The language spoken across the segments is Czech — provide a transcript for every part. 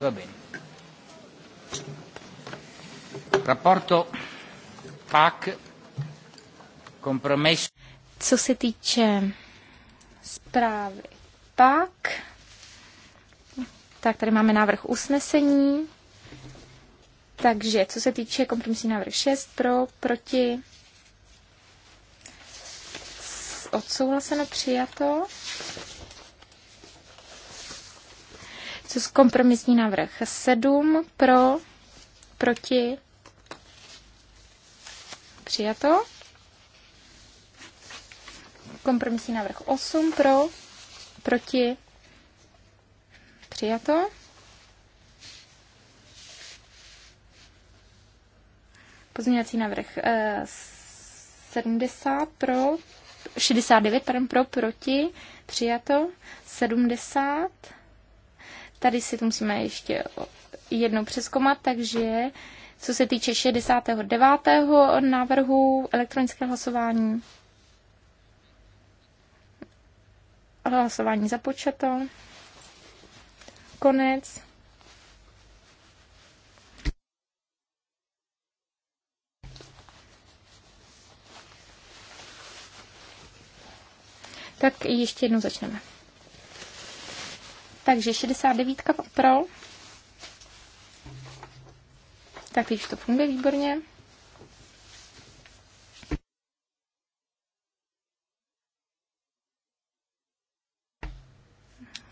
Va bene. Rapporto PAC compromesso. Co se týče zprávy PAC, tak tady máme návrh usnesení. Takže co se týče kompromisní návrh 6 pro, proti, odsouhlaseno, přijato. Kompromisní návrh sedm pro, proti, přijato. Kompromisní návrh osm pro, proti, přijato. Pozměňovací návrh 70 eh, pro, 69 pardon, pro, proti, přijato, 70 Tady si to musíme ještě jednou přeskomat, takže co se týče 69. návrhu elektronické hlasování, hlasování započato, konec. Tak ještě jednou začneme. Takže 69 pro. Tak teď už to funguje výborně.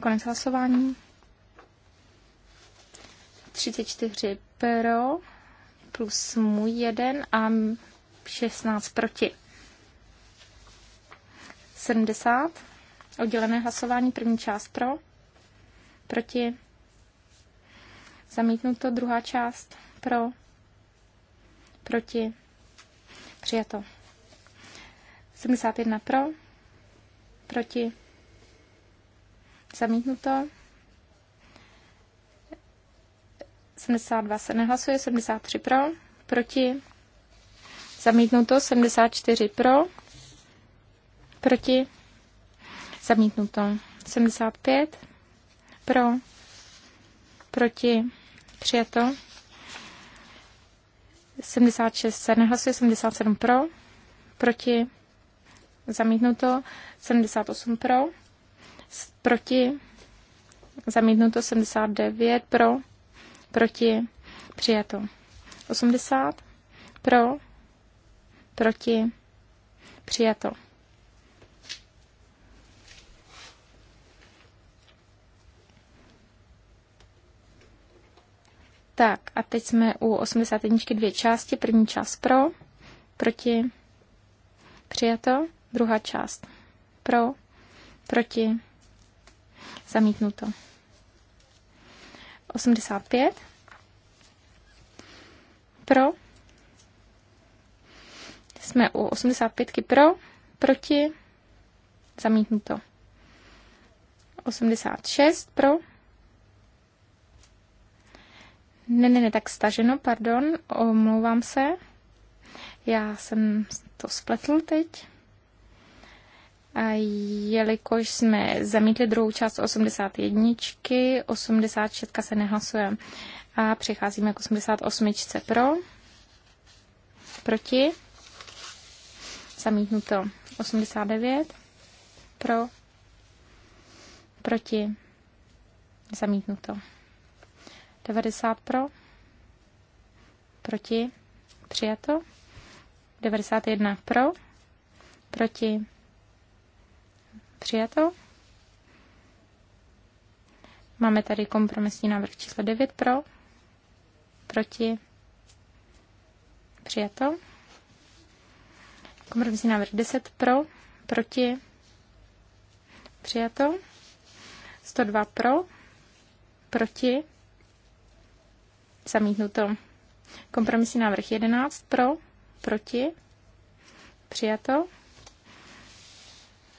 Konec hlasování. 34 pro plus můj jeden a 16 proti. 70. Oddělené hlasování, první část pro proti, zamítnuto, druhá část pro, proti, přijato. 71 pro, proti, zamítnuto. 72 se nehlasuje, 73 pro, proti, zamítnuto, 74 pro, proti, zamítnuto, 75 pro. Proti. Přijato. 76 se nehlasuje, 77 pro. Proti. Zamítnuto. 78 pro. Proti. Zamítnuto 79 pro. Proti. Přijato. 80 pro. Proti. Přijato. Tak a teď jsme u 81. dvě části. První část pro, proti, přijato. Druhá část pro, proti, zamítnuto. 85. Pro. Jsme u 85 pro, proti, zamítnuto. 86 pro, ne, ne, ne, tak staženo, pardon, omlouvám se. Já jsem to spletl teď. A jelikož jsme zamítli druhou část 81, 86 se nehlasuje. A přicházíme k 88 pro, proti, zamítnuto 89, pro, proti, zamítnuto. 90 pro, proti, přijato. 91 pro, proti, přijato. Máme tady kompromisní návrh číslo 9 pro, proti, přijato. Kompromisní návrh 10 pro, proti, přijato. 102 pro, proti, Zamítnuto. Kompromisní návrh 11 pro, proti, přijato.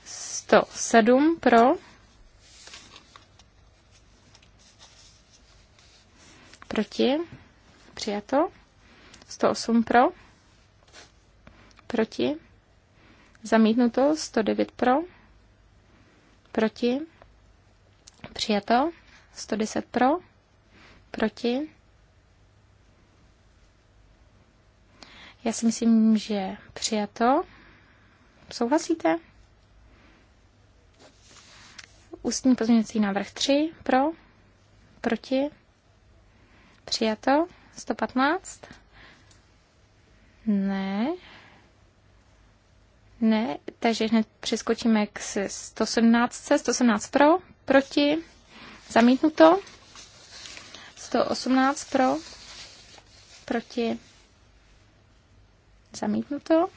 107 pro, proti, přijato. 108 pro, proti, zamítnuto. 109 pro, proti, přijato. 110 pro, proti, Já si myslím, že přijato. Souhlasíte? Ústní pozměňovací návrh 3 pro, proti, přijato, 115. Ne. Ne, takže hned přeskočíme k 117, 117 pro, proti, zamítnuto, 118 pro, proti, Zamítnuto.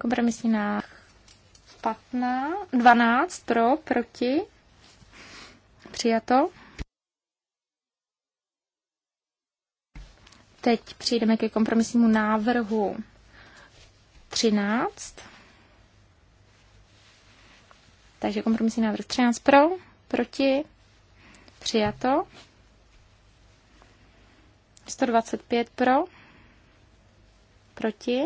Kompromisní na 15, 12 pro, proti. Přijato. Teď přijdeme ke kompromisnímu návrhu 13. Takže kompromisní návrh 13 pro, proti, přijato. 125 pro, proti,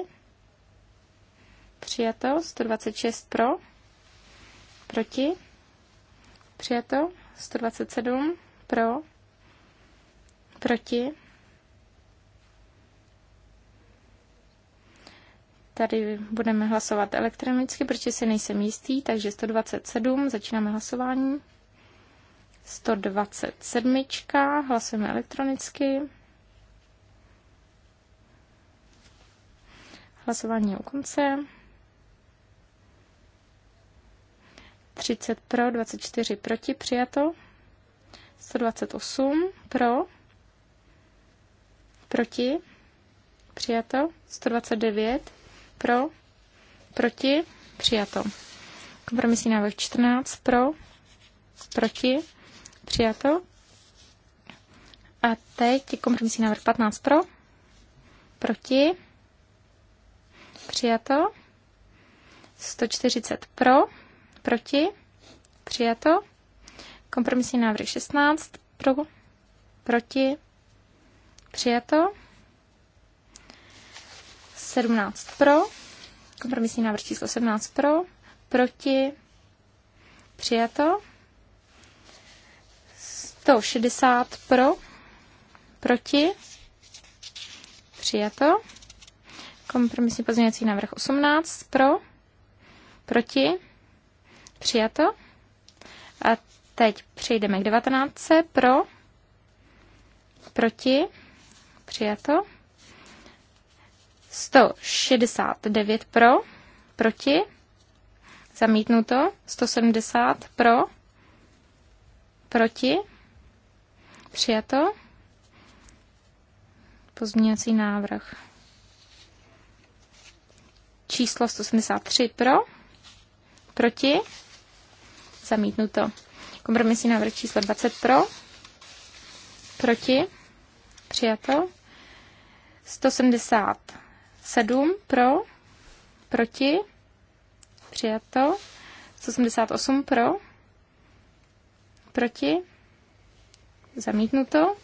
přijato, 126 pro, proti, přijato, 127 pro, proti. Tady budeme hlasovat elektronicky, protože si nejsem jistý, takže 127, začínáme hlasování. 127, hlasujeme elektronicky. Hlasování u konce. 30 pro, 24 proti, přijato. 128 pro, proti, přijato. 129 pro, proti, přijato. Kompromisní návrh 14 pro, proti, přijato. A teď kompromisní návrh 15 pro, proti, Přijato. 140 pro, proti, přijato. Kompromisní návrh 16 pro, proti, přijato. 17 pro, kompromisní návrh číslo 17 pro, proti, přijato. 160 pro, proti, přijato. Kompromisní pozměňovací návrh 18 pro, proti, přijato. A teď přejdeme k 19 pro, proti, přijato. 169 pro, proti, zamítnuto. 170 pro, proti, přijato. Pozměňovací návrh číslo 183 pro, proti, zamítnuto. Kompromisní návrh číslo 20 pro, proti, přijato. 177 pro, proti, přijato. 178 pro, proti, zamítnuto.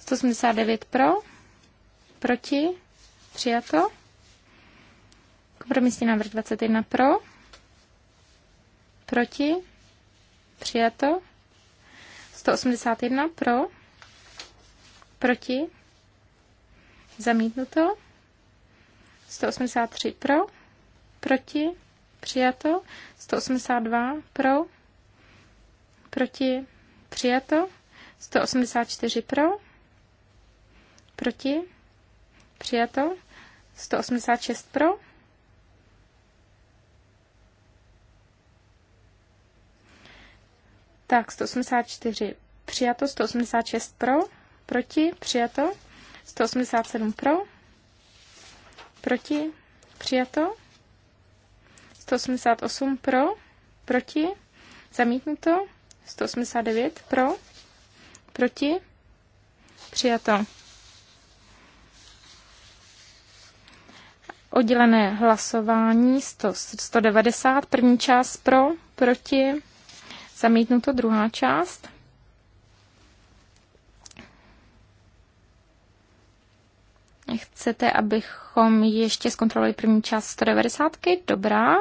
189 pro, proti, přijato. Kompromisní návrh 21 pro, proti, přijato. 181 pro, proti, zamítnuto. 183 pro, proti, přijato. 182 pro, proti, přijato. 184 pro, proti, přijato. 186 pro, Tak, 184 přijato, 186 pro, proti, přijato, 187 pro, proti, přijato, 188 pro, proti, zamítnuto, 189 pro, proti, přijato. Oddělené hlasování 100, 190, první část pro, proti, Zamítnuto druhá část. Chcete, abychom ještě zkontrolovali první část 190? Dobrá.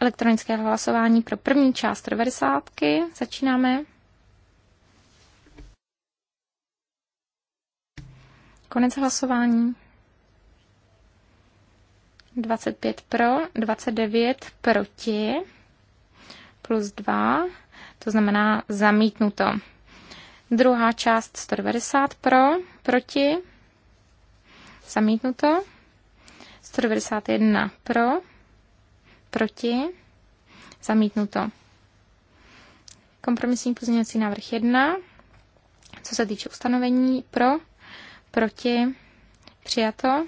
Elektronické hlasování pro první část 190. Začínáme. Konec hlasování. 25 pro, 29 proti plus 2, to znamená zamítnuto. Druhá část 190 pro, proti, zamítnuto. 191 pro, proti, zamítnuto. Kompromisní pozměňovací návrh 1, co se týče ustanovení pro, proti, přijato.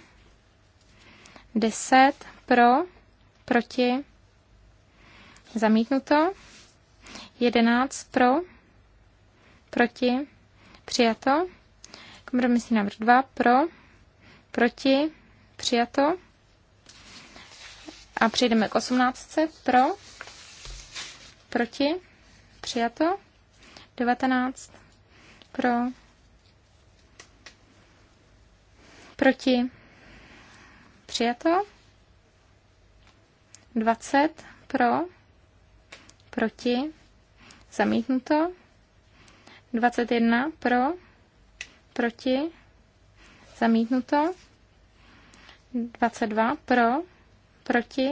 10 pro, proti, Zamítnuto. 11 pro, proti, přijato. Kompromisní návrh 2 pro, proti, přijato. A přejdeme k 18 pro, proti, přijato. 19 pro, proti, přijato. 20 pro, proti, zamítnuto. 21 pro, proti, zamítnuto. 22 pro, proti,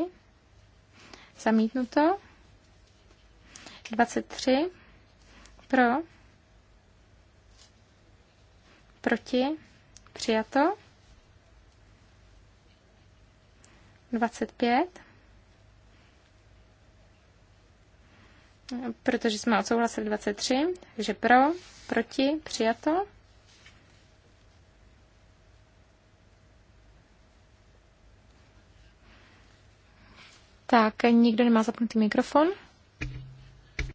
zamítnuto. 23 pro, proti, přijato. 25 protože jsme odsouhlasili 23, takže pro, proti, přijato. Tak, nikdo nemá zapnutý mikrofon.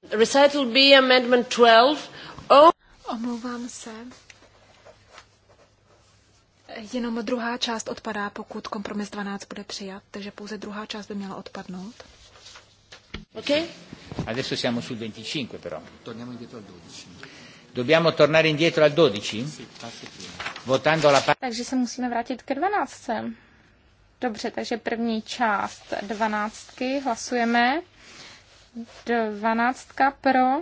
Recital B, Amendment 12. Oh. Omlouvám se. Jenom druhá část odpadá, pokud kompromis 12 bude přijat, takže pouze druhá část by měla odpadnout. Okay. Adesso siamo sul 25 però. Torniamo indietro al 12. Dobbiamo tornare indietro al 12? Sì, Votando la parte... Takže se musíme vrátit ke 12. Dobře, takže první část 12. hlasujeme. 12 pro,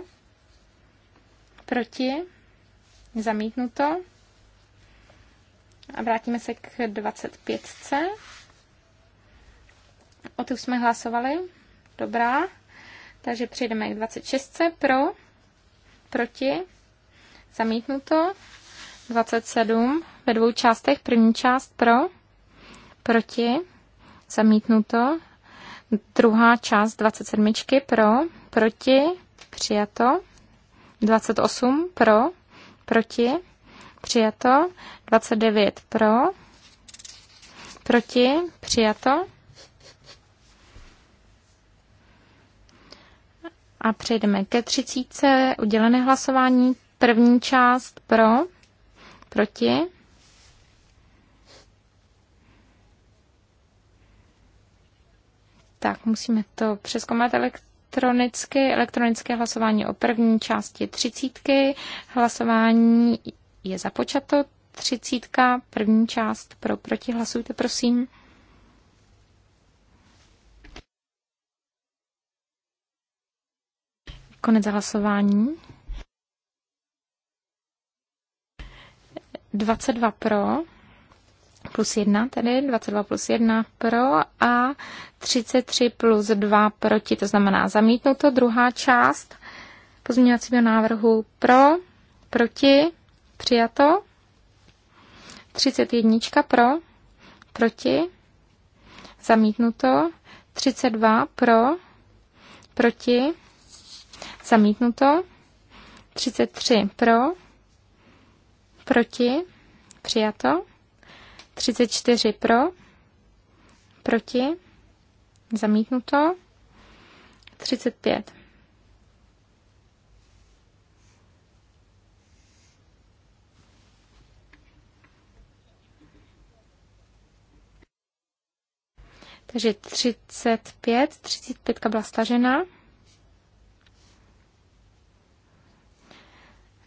proti, zamítnuto. A vrátíme se k 25. O tu jsme hlasovali. Dobrá. Takže přejdeme k 26. Pro, proti, zamítnuto. 27 ve dvou částech. První část pro, proti, zamítnuto. Druhá část 27 pro, proti, přijato. 28 pro, proti, přijato. 29 pro, proti, přijato. A přejdeme ke třicíce, udělené hlasování, první část pro, proti. Tak, musíme to přeskoumat elektronicky. Elektronické hlasování o první části třicítky. Hlasování je započato. Třicítka, první část pro, proti. Hlasujte, prosím. Konec hlasování. 22 pro, plus 1 tedy, 22 plus 1 pro a 33 plus 2 proti, to znamená zamítnout to druhá část pozměňovacího návrhu pro, proti, přijato, 31 pro, proti, zamítnuto, 32 pro, proti, Zamítnuto. 33 pro. Proti. Přijato. 34 pro. Proti. Zamítnuto. 35. Takže 35, 35 byla stažena.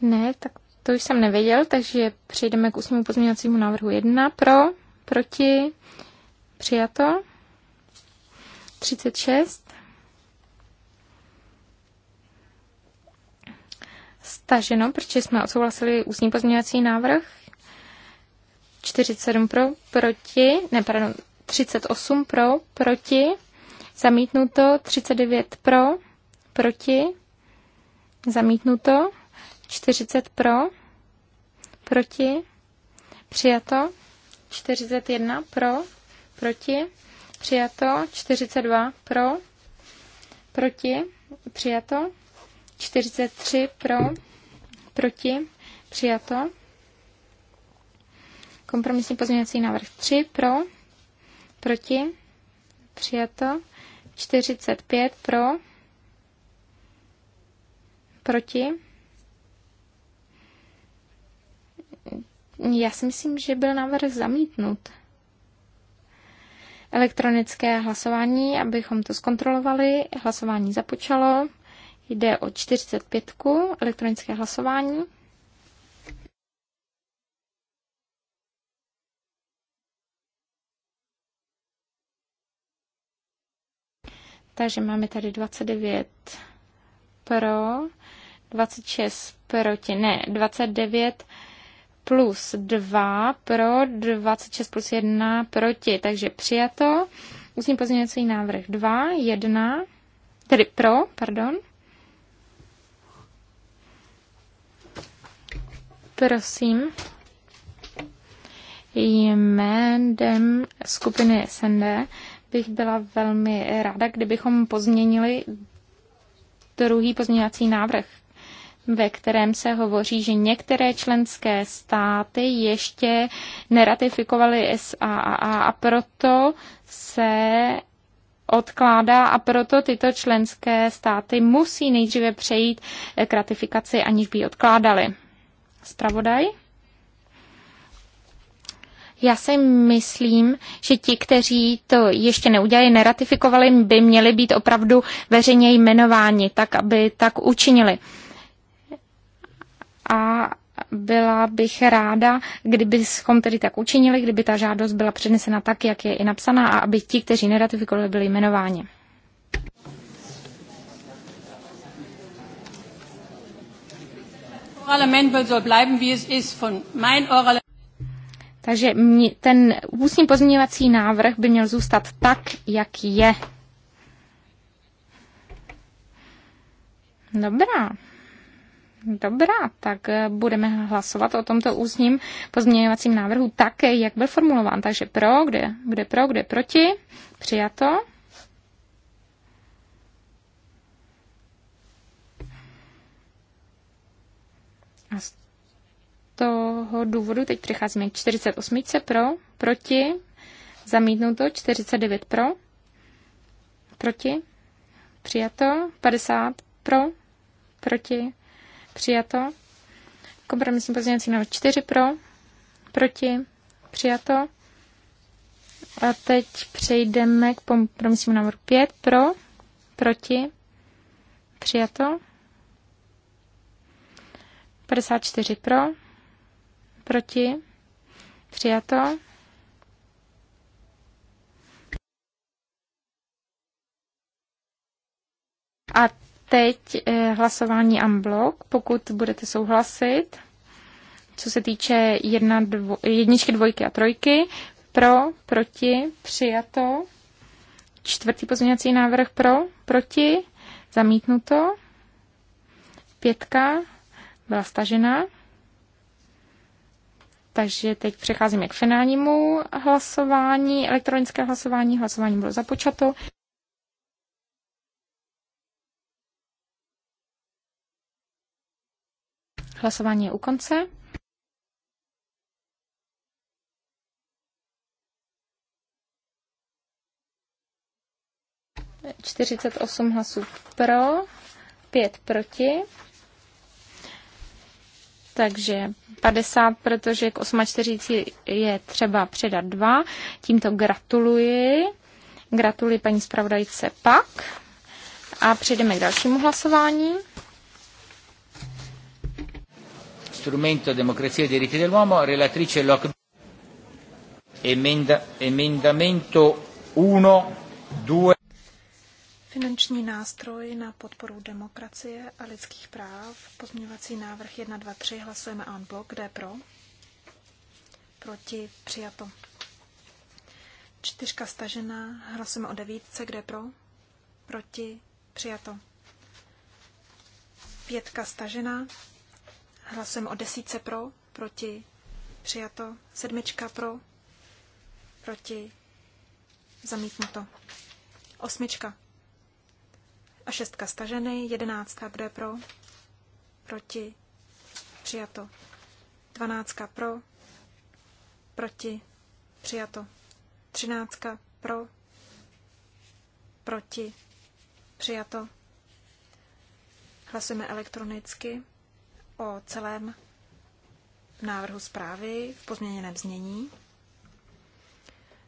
Ne, tak to už jsem nevěděl, takže přejdeme k ústnímu pozměňovacímu návrhu 1. Pro, proti, přijato. 36. Staženo, protože jsme odsouhlasili ústní pozměňovací návrh. 47 pro, proti, ne, pardon, 38 pro, proti, zamítnuto, 39 pro, proti, zamítnuto. 40 pro, proti, přijato. 41 pro, proti, přijato. 42 pro, proti, přijato. 43 pro, proti, přijato. Kompromisní pozměňovací návrh 3 pro, proti, přijato. 45 pro, proti, Já si myslím, že byl návrh zamítnut. Elektronické hlasování, abychom to zkontrolovali. Hlasování započalo. Jde o 45. Elektronické hlasování. Takže máme tady 29 pro, 26 proti, ne, 29 plus 2 pro, 26 plus 1 proti. Takže přijato. Ústní pozměňovací návrh 2, 1, tedy pro, pardon. Prosím. Jménem skupiny SND bych byla velmi ráda, kdybychom pozměnili druhý pozměňovací návrh, ve kterém se hovoří, že některé členské státy ještě neratifikovaly SAA a proto se odkládá a proto tyto členské státy musí nejdříve přejít k ratifikaci, aniž by ji odkládali. Spravodaj? Já si myslím, že ti, kteří to ještě neudělali, neratifikovali, by měli být opravdu veřejně jmenováni, tak aby tak učinili a byla bych ráda, kdybychom tedy tak učinili, kdyby ta žádost byla přednesena tak, jak je i napsaná a aby ti, kteří neratifikovali, byli jmenováni. Takže ten ústní pozměňovací návrh by měl zůstat tak, jak je. Dobrá. Dobrá, tak eh, budeme hlasovat o tomto úzním pozměňovacím návrhu také, eh, jak byl formulován. Takže pro, kde, kde pro, kde proti. Přijato. A z toho důvodu teď přicházíme k 48 pro, proti, zamítnuto, 49 pro, proti, přijato, 50 pro, proti, přijato. Kompromisní pozměňovací návrh 4 pro, proti, přijato. A teď přejdeme k kompromisnímu návrhu 5 pro, proti, přijato. 54 pro, proti, přijato. A teď eh, hlasování unblock, pokud budete souhlasit, co se týče jedna, dvo, jedničky, dvojky a trojky. Pro, proti, přijato. Čtvrtý pozměňovací návrh pro, proti, zamítnuto. Pětka byla stažena. Takže teď přecházíme k finálnímu hlasování, elektronické hlasování. Hlasování bylo započato. Hlasování je u konce. Čtyřicet osm hlasů pro, pět proti. Takže 50, protože k 48 je třeba předat dva. Tímto gratuluji. Gratuluji paní zpravodajce pak. A přejdeme k dalšímu hlasování strumento democrazia e diritti dell'uomo, relatrice Loc... Emenda, emendamento 1, 2. Finanční nástroj na podporu demokracie a lidských práv. Pozměňovací návrh 1, 2, 3. Hlasujeme en bloc. Kde pro? Proti přijato. Čtyřka stažená. Hlasujeme o devítce. Kde pro? Proti přijato. Pětka stažená. Hlasujeme o desíce pro, proti, přijato. Sedmička pro, proti, zamítnuto. Osmička a šestka staženy, jedenáctka kdo je pro, proti, přijato. Dvanáctka pro, proti, přijato. Třináctka pro, proti, přijato. Hlasujeme elektronicky o celém návrhu zprávy v pozměněném znění.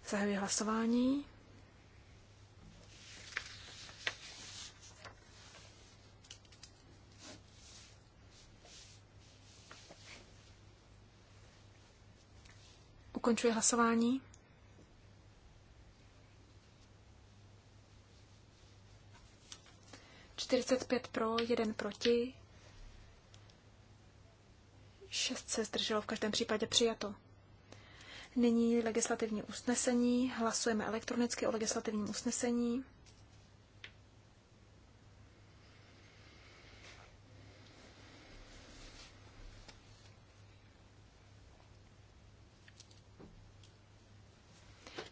Zahajuji hlasování. Ukončuji hlasování. Čtyřicet pět pro, jeden proti, 6 se zdrželo v každém případě přijato. Nyní legislativní usnesení. Hlasujeme elektronicky o legislativním usnesení.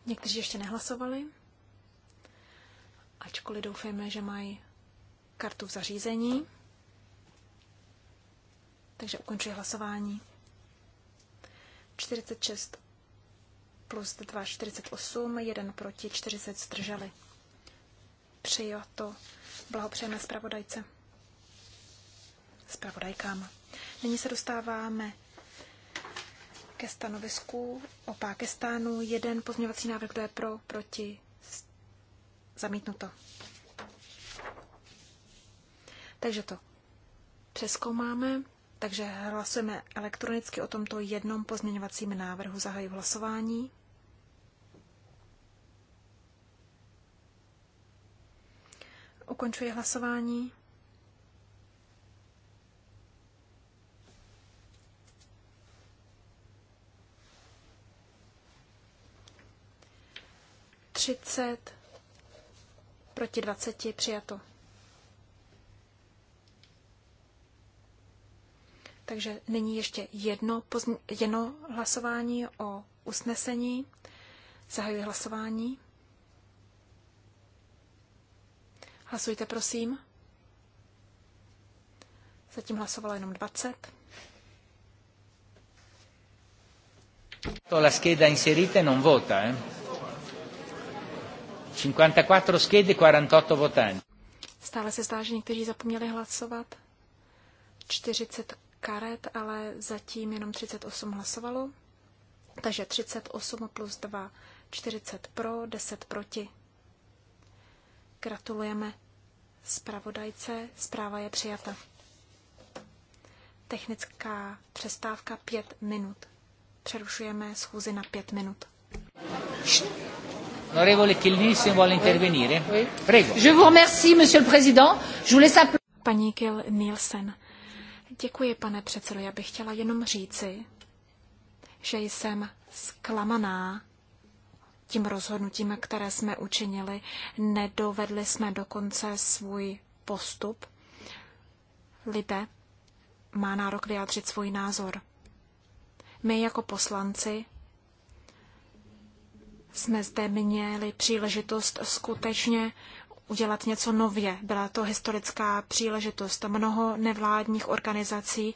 Někteří ještě nehlasovali, ačkoliv doufejme, že mají kartu v zařízení. Takže ukončuji hlasování. 46 plus 2, 48, 1 proti, 40 zdrželi. to Blahopřejeme zpravodajce. Zpravodajkám. Nyní se dostáváme ke stanovisku o Pákistánu. Jeden pozměňovací návrh, kdo je pro, proti, zamítnuto. Takže to přeskoumáme. Takže hlasujeme elektronicky o tomto jednom pozměňovacím návrhu. Zahají hlasování. Ukončuji hlasování. Třicet proti dvaceti přijato. Takže nyní ještě jedno, jedno hlasování o usnesení. Zahajuji hlasování. Hlasujte, prosím. Zatím hlasovalo jenom 20. To La scheda inserita non vota, eh? 54 schede, 48 votanti. Stále se zdá, že někteří zapomněli hlasovat. 40 karet, ale zatím jenom 38 hlasovalo. Takže 38 plus 2, 40 pro, 10 proti. Gratulujeme zpravodajce, zpráva je přijata. Technická přestávka 5 minut. Přerušujeme schůzi na 5 minut. Paní Kil Nielsen. Děkuji, pane předsedo. Já bych chtěla jenom říci, že jsem zklamaná tím rozhodnutím, které jsme učinili. Nedovedli jsme dokonce svůj postup. Lidé má nárok vyjádřit svůj názor. My jako poslanci jsme zde měli příležitost skutečně udělat něco nově. Byla to historická příležitost. Mnoho nevládních organizací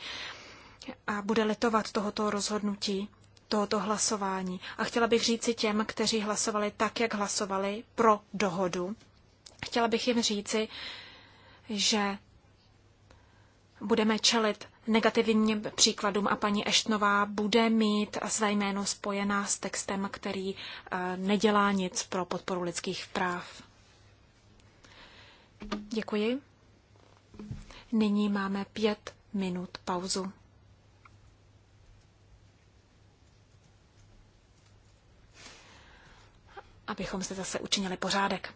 bude letovat tohoto rozhodnutí, tohoto hlasování. A chtěla bych říci těm, kteří hlasovali tak, jak hlasovali pro dohodu, chtěla bych jim říci, že budeme čelit negativním příkladům a paní Eštnová bude mít své jméno spojená s textem, který nedělá nic pro podporu lidských práv. Děkuji. Nyní máme pět minut pauzu. Abychom se zase učinili pořádek.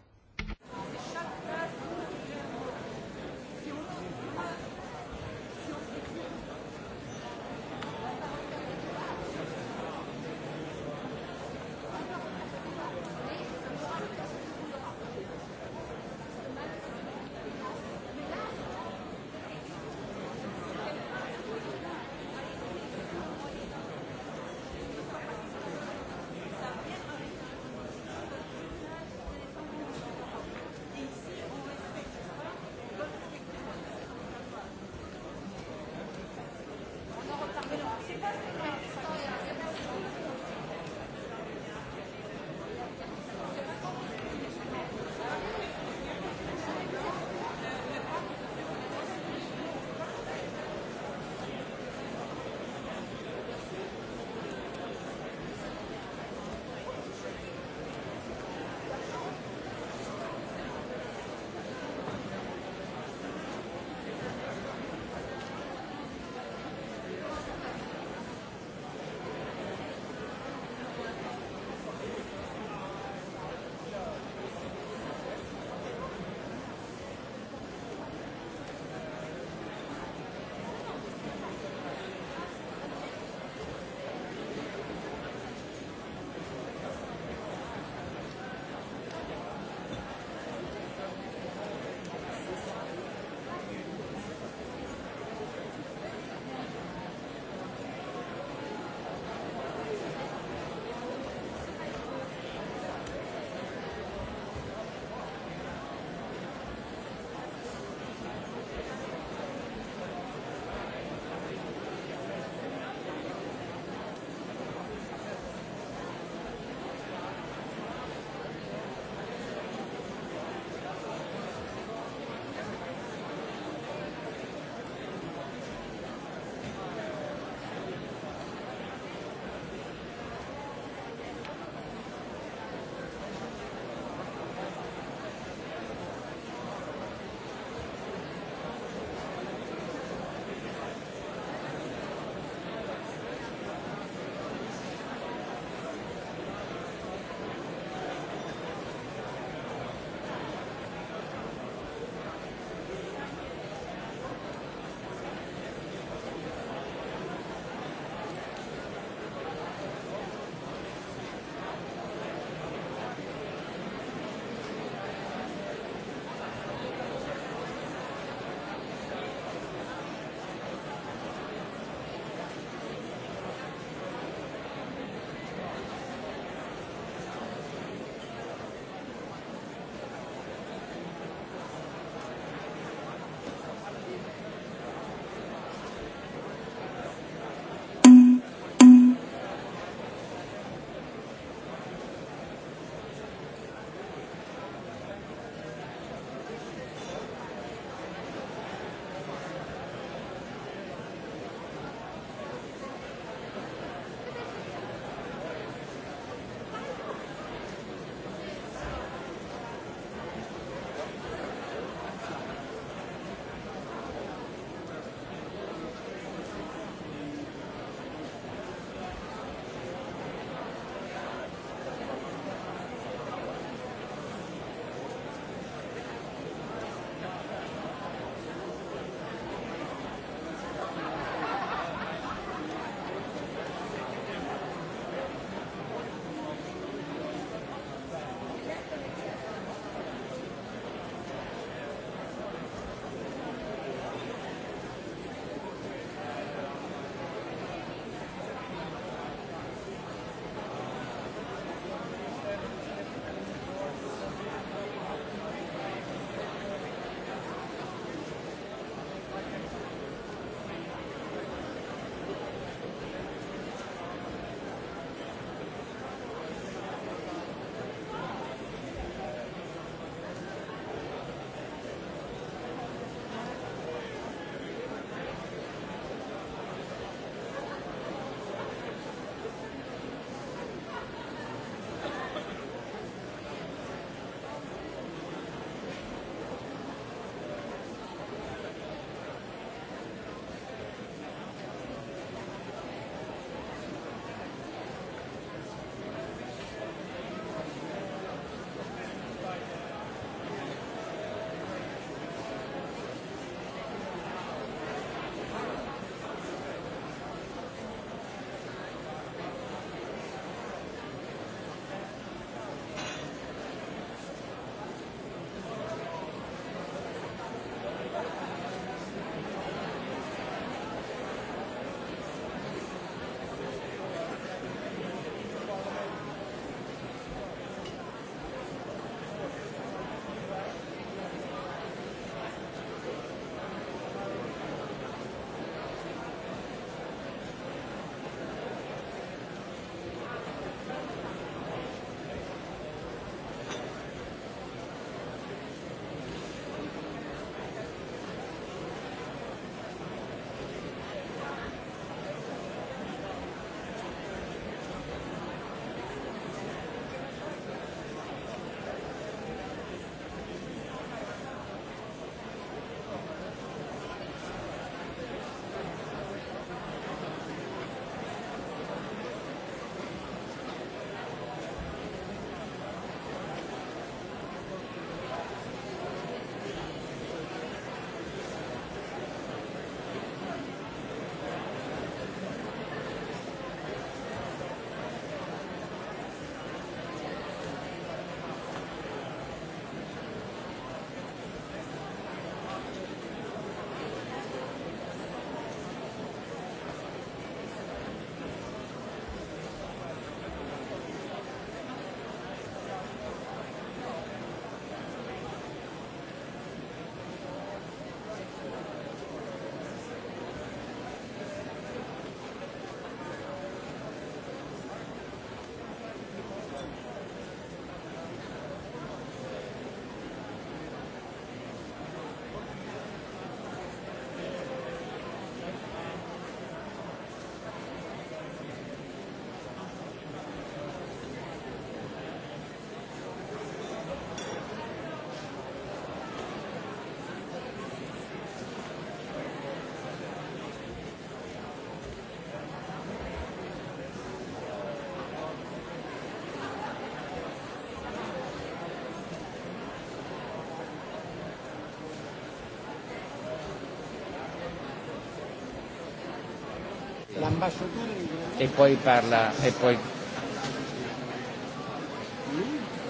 e poi parla e poi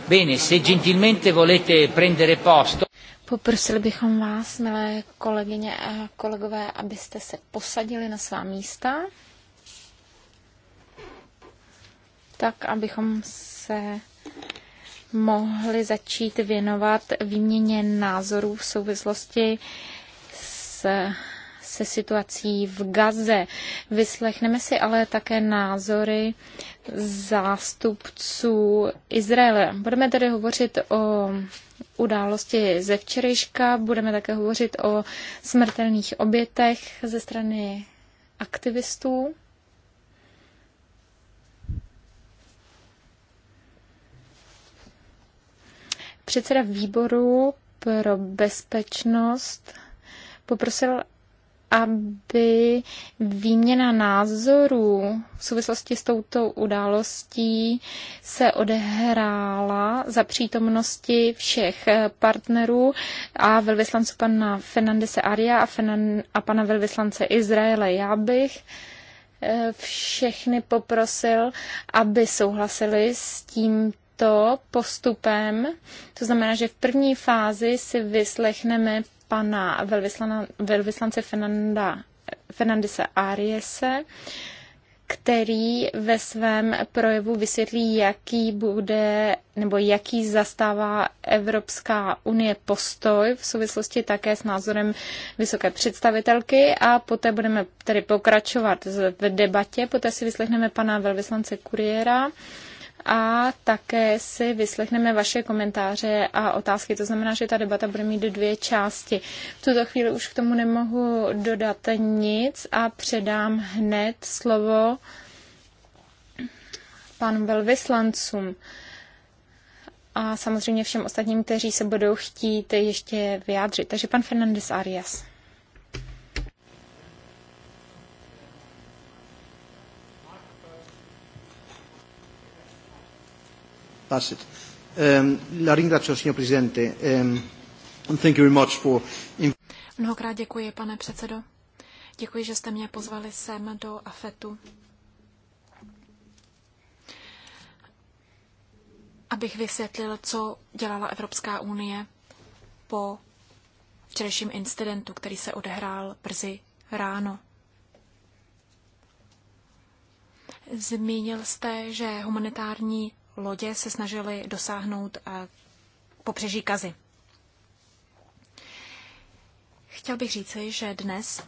Bene, se gentilmente volete prendere posto. Poprosil bychom vás, milé kolegyně a kolegové, abyste se posadili na svá místa, tak abychom se mohli začít věnovat výměně názorů v souvislosti s se situací v Gaze. Vyslechneme si ale také názory zástupců Izraele. Budeme tedy hovořit o události ze včerejška, budeme také hovořit o smrtelných obětech ze strany aktivistů. Předseda výboru pro bezpečnost poprosil aby výměna názorů v souvislosti s touto událostí se odehrála za přítomnosti všech partnerů a velvyslanců pana Fernandese Aria a, Fernan- a pana velvyslance Izraele. Já bych eh, všechny poprosil, aby souhlasili s tím tímto postupem. To znamená, že v první fázi si vyslechneme pana velvyslance Fernanda, Fernandise Ariese, který ve svém projevu vysvětlí, jaký bude nebo jaký zastává Evropská unie postoj v souvislosti také s názorem vysoké představitelky a poté budeme tedy pokračovat v debatě. Poté si vyslechneme pana velvyslance Kuriéra a také si vyslechneme vaše komentáře a otázky. To znamená, že ta debata bude mít dvě části. V tuto chvíli už k tomu nemohu dodat nic a předám hned slovo panu velvyslancům a samozřejmě všem ostatním, kteří se budou chtít ještě vyjádřit. Takže pan Fernandez Arias. That's it. Um, la ringrazio, signor Presidente. Um, thank you very much for... Mnohokrát děkuji, pane předsedo. Děkuji, že jste mě pozvali sem do AFETu. Abych vysvětlil, co dělala Evropská unie po včerejším incidentu, který se odehrál brzy ráno. Zmínil jste, že humanitární lodě se snažily dosáhnout eh, pobřeží Kazy. Chtěl bych říci, že dnes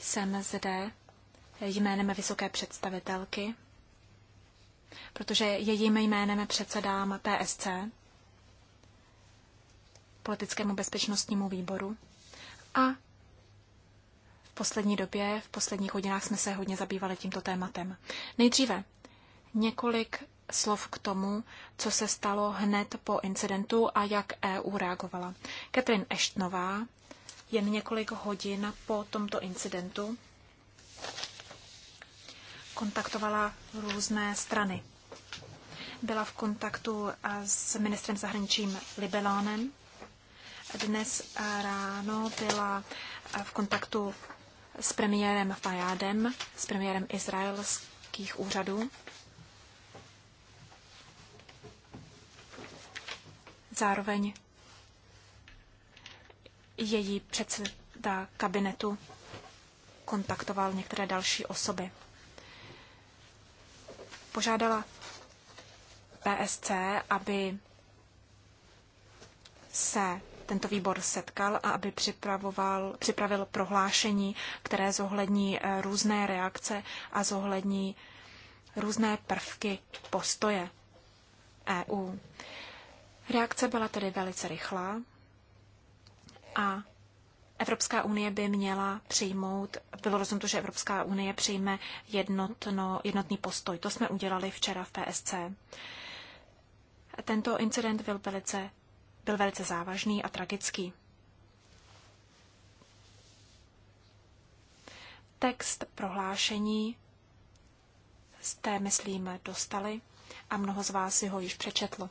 jsem zde jménem vysoké představitelky, protože jejím jménem předsedám PSC, politickému bezpečnostnímu výboru. A v poslední době, v posledních hodinách jsme se hodně zabývali tímto tématem. Nejdříve několik slov k tomu, co se stalo hned po incidentu a jak EU reagovala. Katrin Eštnová jen několik hodin po tomto incidentu kontaktovala různé strany. Byla v kontaktu eh, s ministrem zahraničím Libelánem. Dnes eh, ráno byla eh, v kontaktu s premiérem Fajádem, s premiérem izraelských úřadů Zároveň její předseda kabinetu kontaktoval některé další osoby. Požádala PSC, aby se tento výbor setkal a aby připravoval, připravil prohlášení, které zohlední eh, různé reakce a zohlední různé prvky postoje EU. Reakce byla tedy velice rychlá a Evropská unie by měla přijmout, bylo rozhodnuto, že Evropská unie přijme jednotno, jednotný postoj. To jsme udělali včera v PSC. Tento incident byl velice, byl velice závažný a tragický. Text prohlášení jste, myslím, dostali a mnoho z vás si ho již přečetlo.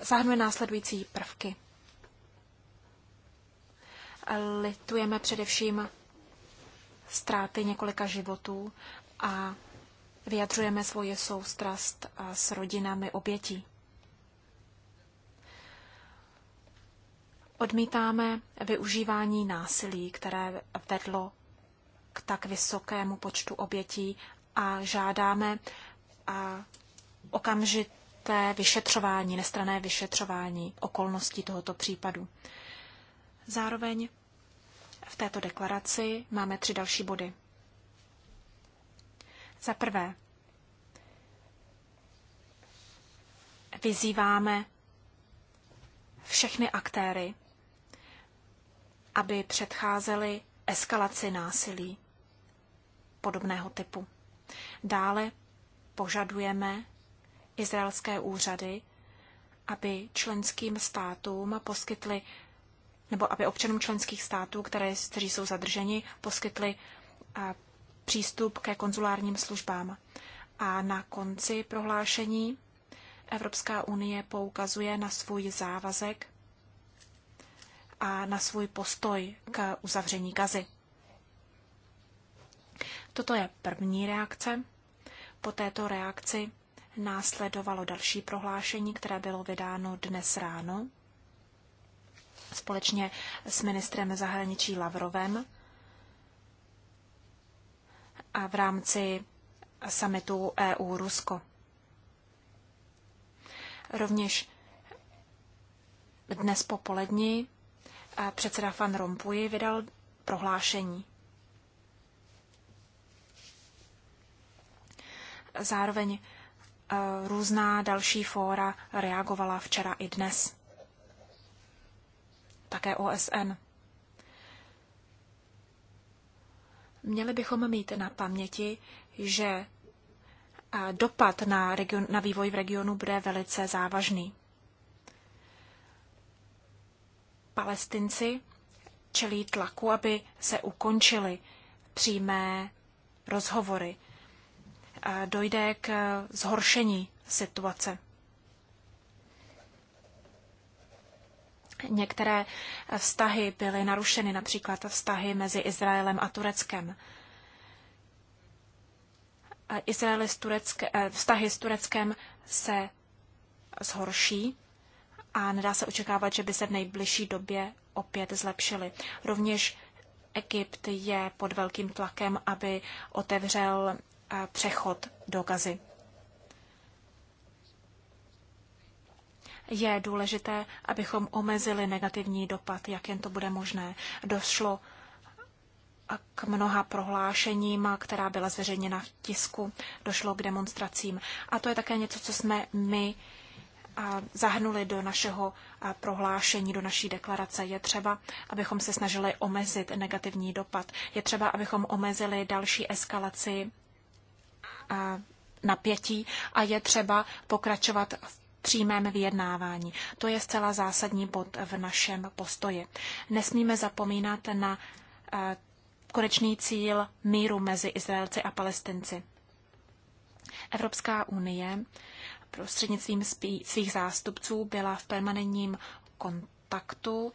zahrnuje následující prvky. Litujeme především ztráty několika životů a vyjadřujeme svoje soustrast s rodinami obětí. Odmítáme využívání násilí, které vedlo k tak vysokému počtu obětí a žádáme a okamžit té vyšetřování, nestrané vyšetřování okolností tohoto případu. Zároveň v této deklaraci máme tři další body. Za prvé, vyzýváme všechny aktéry, aby předcházeli eskalaci násilí podobného typu. Dále požadujeme izraelské úřady, aby členským státům poskytly, nebo aby občanům členských států, které, kteří jsou zadrženi, poskytly a, eh, přístup ke konzulárním službám. A na konci prohlášení Evropská unie poukazuje na svůj závazek a na svůj postoj k uzavření gazy. Toto je první reakce. Po této reakci Následovalo další prohlášení, které bylo vydáno dnes ráno společně s ministrem zahraničí Lavrovem a v rámci summitu EU-Rusko. Rovněž dnes popolední eh, předseda Van Rompuy vydal prohlášení. Zároveň různá další fóra reagovala včera i dnes. Také OSN. Měli bychom mít na paměti, že dopad na, region, na vývoj v regionu bude velice závažný. Palestinci čelí tlaku, aby se ukončily přímé rozhovory dojde k zhoršení situace. Některé vztahy byly narušeny, například vztahy mezi Izraelem a Tureckem. Izraeli s Turecké, eh, vztahy s Tureckem se zhorší a nedá se očekávat, že by se v nejbližší době opět zlepšily. Rovněž Egypt je pod velkým tlakem, aby otevřel přechod do Gazy. Je důležité, abychom omezili negativní dopad, jak jen to bude možné. Došlo k mnoha prohlášením, která byla zveřejněna v tisku, došlo k demonstracím. A to je také něco, co jsme my zahrnuli do našeho prohlášení, do naší deklarace. Je třeba, abychom se snažili omezit negativní dopad. Je třeba, abychom omezili další eskalaci napětí a je třeba pokračovat v přímém vyjednávání. To je zcela zásadní bod v našem postoji. Nesmíme zapomínat na eh, konečný cíl míru mezi Izraelci a Palestinci. Evropská unie prostřednictvím svých zástupců byla v permanentním kontaktu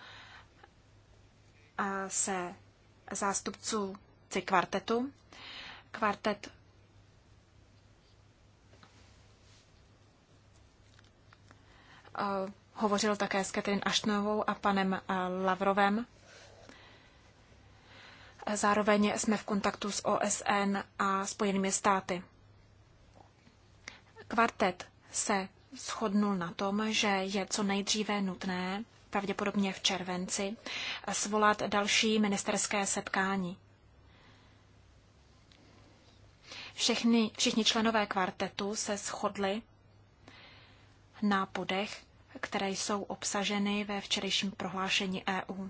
eh, se zástupců kvartetu. Kvartet Eh, hovořil také s Katrin Aštnovou a panem eh, Lavrovem. Zároveň jsme v kontaktu s OSN a Spojenými státy. Kvartet se shodnul na tom, že je co nejdříve nutné, pravděpodobně v červenci, svolat další ministerské setkání. Všechny, všichni členové kvartetu se shodli na které jsou obsaženy ve včerejším prohlášení EU.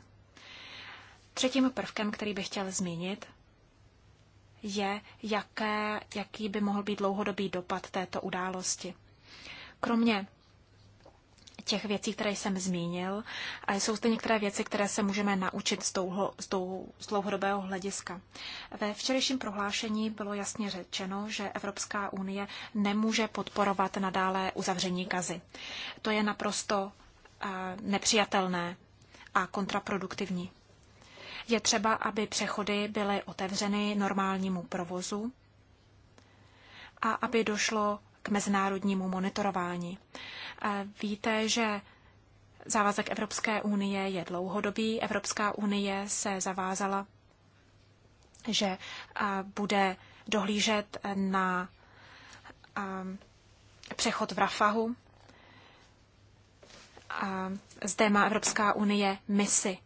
Třetím prvkem, který bych chtěl zmínit, je, jaké, jaký by mohl být dlouhodobý dopad této události. Kromě těch věcí, které jsem zmínil. A jsou zde některé věci, které se můžeme naučit z, dlouho, z, dlouho, z dlouhodobého hlediska. Ve včerejším prohlášení bylo jasně řečeno, že Evropská unie nemůže podporovat nadále uzavření gazy. To je naprosto eh, nepřijatelné a kontraproduktivní. Je třeba, aby přechody byly otevřeny normálnímu provozu a aby došlo k mezinárodnímu monitorování. Víte, že závazek Evropské unie je dlouhodobý. Evropská unie se zavázala, že bude dohlížet na přechod v Rafahu. A zde má Evropská unie misi.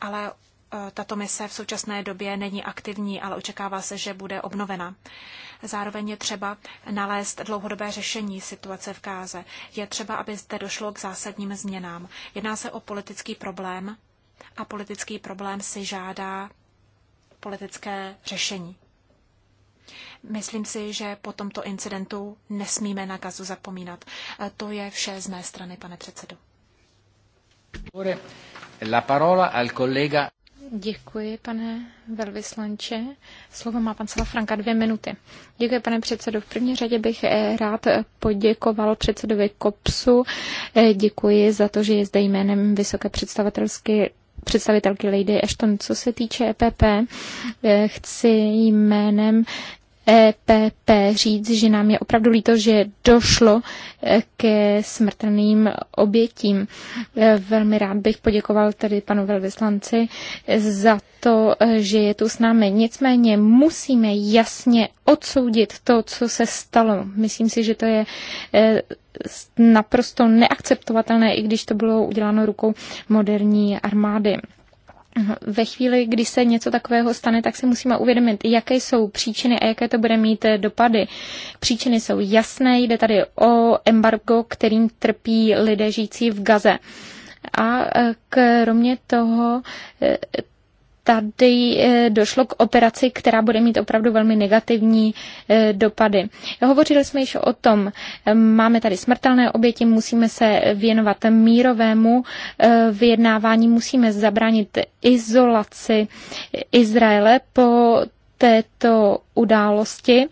Ale tato mise v současné době není aktivní, ale očekává se, že bude obnovena. Zároveň je třeba nalézt dlouhodobé řešení situace v Káze. Je třeba, aby zde došlo k zásadním změnám. Jedná se o politický problém a politický problém si žádá politické řešení. Myslím si, že po tomto incidentu nesmíme na gazu zapomínat. To je vše z mé strany, pane předsedo. La parola al collega... Děkuji, pane velvyslanče. Slovo má pan Franka dvě minuty. Děkuji, pane předsedo. V první řadě bych eh, rád poděkoval předsedovi KOPSu. Eh, děkuji za to, že je zde jménem vysoké představitelské představitelky Lady Ashton. Co se týče EPP, eh, chci jménem EPP říct, že nám je opravdu líto, že došlo e, ke smrtelným obětím. E, velmi rád bych poděkoval tedy panu velvyslanci e, za to, že je tu s námi. Nicméně musíme jasně odsoudit to, co se stalo. Myslím si, že to je naprosto neakceptovatelné, i když to bylo uděláno rukou moderní armády ve chvíli, kdy se něco takového stane, tak si musíme uvědomit, jaké jsou příčiny a jaké to bude mít eh, dopady. Příčiny jsou jasné, jde tady o embargo, kterým trpí lidé žijící v Gaze. A eh, kromě toho eh, tady eh, došlo k operaci, která bude mít opravdu velmi negativní eh, dopady. Hovořili jsme již o tom, eh, máme tady smrtelné oběti, musíme se věnovat mírovému vyjednávání, musíme zabránit izolaci Izraele po této události.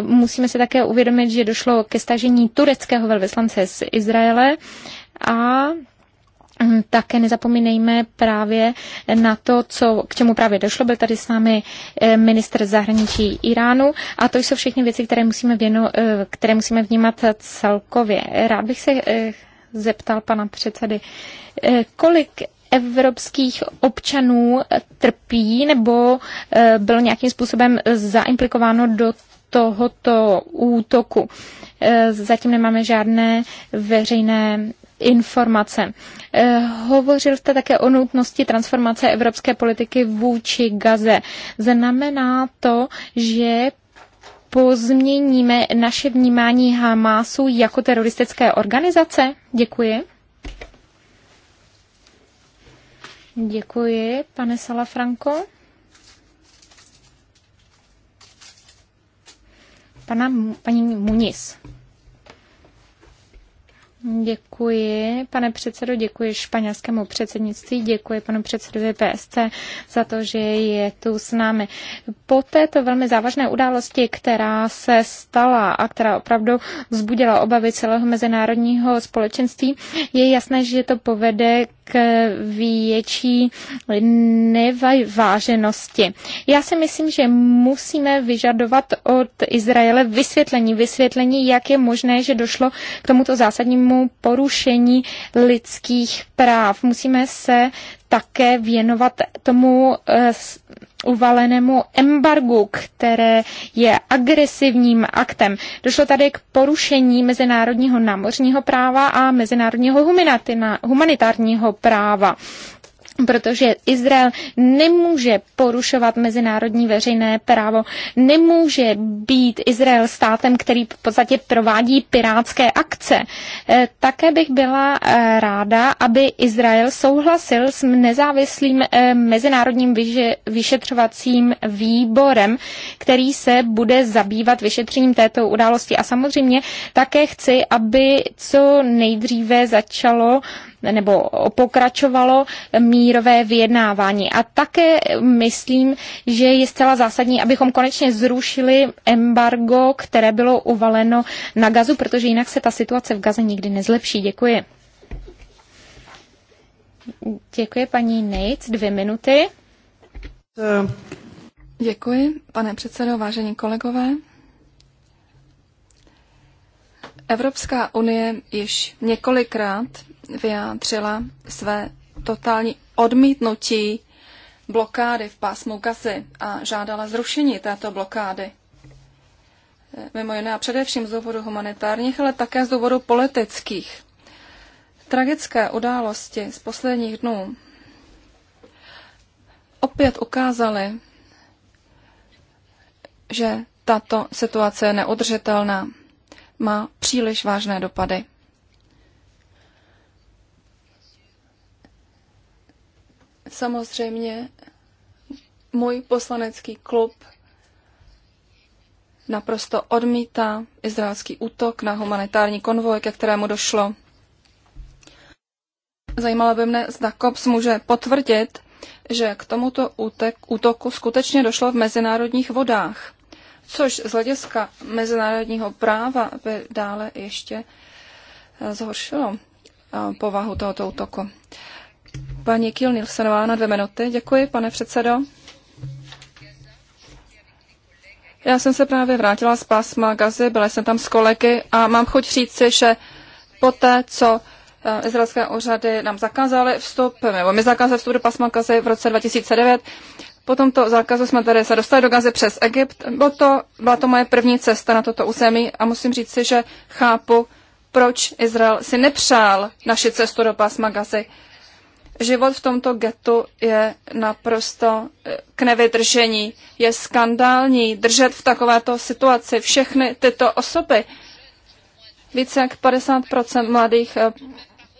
Musíme se také uvědomit, že došlo ke stažení tureckého velvyslance z Izraele a Mm, také nezapomínejme právě na to, co, k čemu právě došlo. Byl tady s námi eh, minister zahraničí Iránu a to jsou všechny věci, které musíme, věno, eh, které musíme vnímat celkově. Rád bych se eh, zeptal pana předsedy, kolik evropských občanů trpí nebo bylo nějakým způsobem zaimplikováno do tohoto útoku. Zatím nemáme žádné veřejné informace. Eh, hovořil jste také o nutnosti transformace evropské politiky vůči Gaze. Znamená to, že pozměníme naše vnímání Hamásu jako teroristické organizace? Děkuji. Děkuji, pane Salafranko. Pana, paní Muniz. Děkuji, pane předsedo, děkuji španělskému předsednictví, děkuji panu předsedovi PSC za to, že je tu s námi. Po této velmi závažné události, která se stala a která opravdu vzbudila obavy celého mezinárodního společenství, je jasné, že to povede k větší neváženosti. Já si myslím, že musíme vyžadovat od Izraele vysvětlení, vysvětlení, jak je možné, že došlo k tomuto zásadnímu porušení lidských práv. Musíme se také věnovat tomu eh, uvalenému embargu, které je agresivním aktem. Došlo tady k porušení mezinárodního námořního práva a mezinárodního humanitárního práva protože Izrael nemůže porušovat mezinárodní veřejné právo, nemůže být Izrael státem, který v podstatě provádí pirátské akce. E, také bych byla e, ráda, aby Izrael souhlasil s nezávislým e, mezinárodním vyšetřovacím výborem, který se bude zabývat vyšetřením této události. A samozřejmě také chci, aby co nejdříve začalo nebo pokračovalo mírové vyjednávání. A také myslím, že je zcela zásadní, abychom konečně zrušili embargo, které bylo uvaleno na gazu, protože jinak se ta situace v gaze nikdy nezlepší. Děkuji. Děkuji paní Nejc, dvě minuty. Děkuji, pane předsedo, vážení kolegové. Evropská unie již několikrát vyjádřila své totální odmítnutí blokády v pásmu Gazy a žádala zrušení této blokády. Mimo jiné a především z důvodu humanitárních, ale také z důvodu politických. Tragické události z posledních dnů opět ukázaly, že tato situace je neudržitelná, má příliš vážné dopady. Samozřejmě můj poslanecký klub naprosto odmítá izraelský útok na humanitární konvoj, ke kterému došlo. Zajímalo by mne, zda COPS může potvrdit, že k tomuto útek, útoku skutečně došlo v mezinárodních vodách, což z hlediska mezinárodního práva by dále ještě eh, zhoršilo eh, povahu tohoto útoku. Paní Kiel Nilsenová na dvě minuty. Děkuji, pane předsedo. Já jsem se právě vrátila z pásma Gazy, byla jsem tam s kolegy a mám chuť říci, že poté, co eh, izraelské úřady nám zakázaly vstup, nebo mi zakázali vstup do pásma Gazy v roce 2009, po tomto zákazu jsme tady se dostali do Gazy přes Egypt. Bylo to, byla to moje první cesta na toto území a musím říct si, že chápu, proč Izrael si nepřál naši cestu do pásma Gazy život v tomto getu je naprosto eh, k nevydržení. Je skandální držet v takovéto situaci všechny tyto osoby. Více jak 50% mladých eh,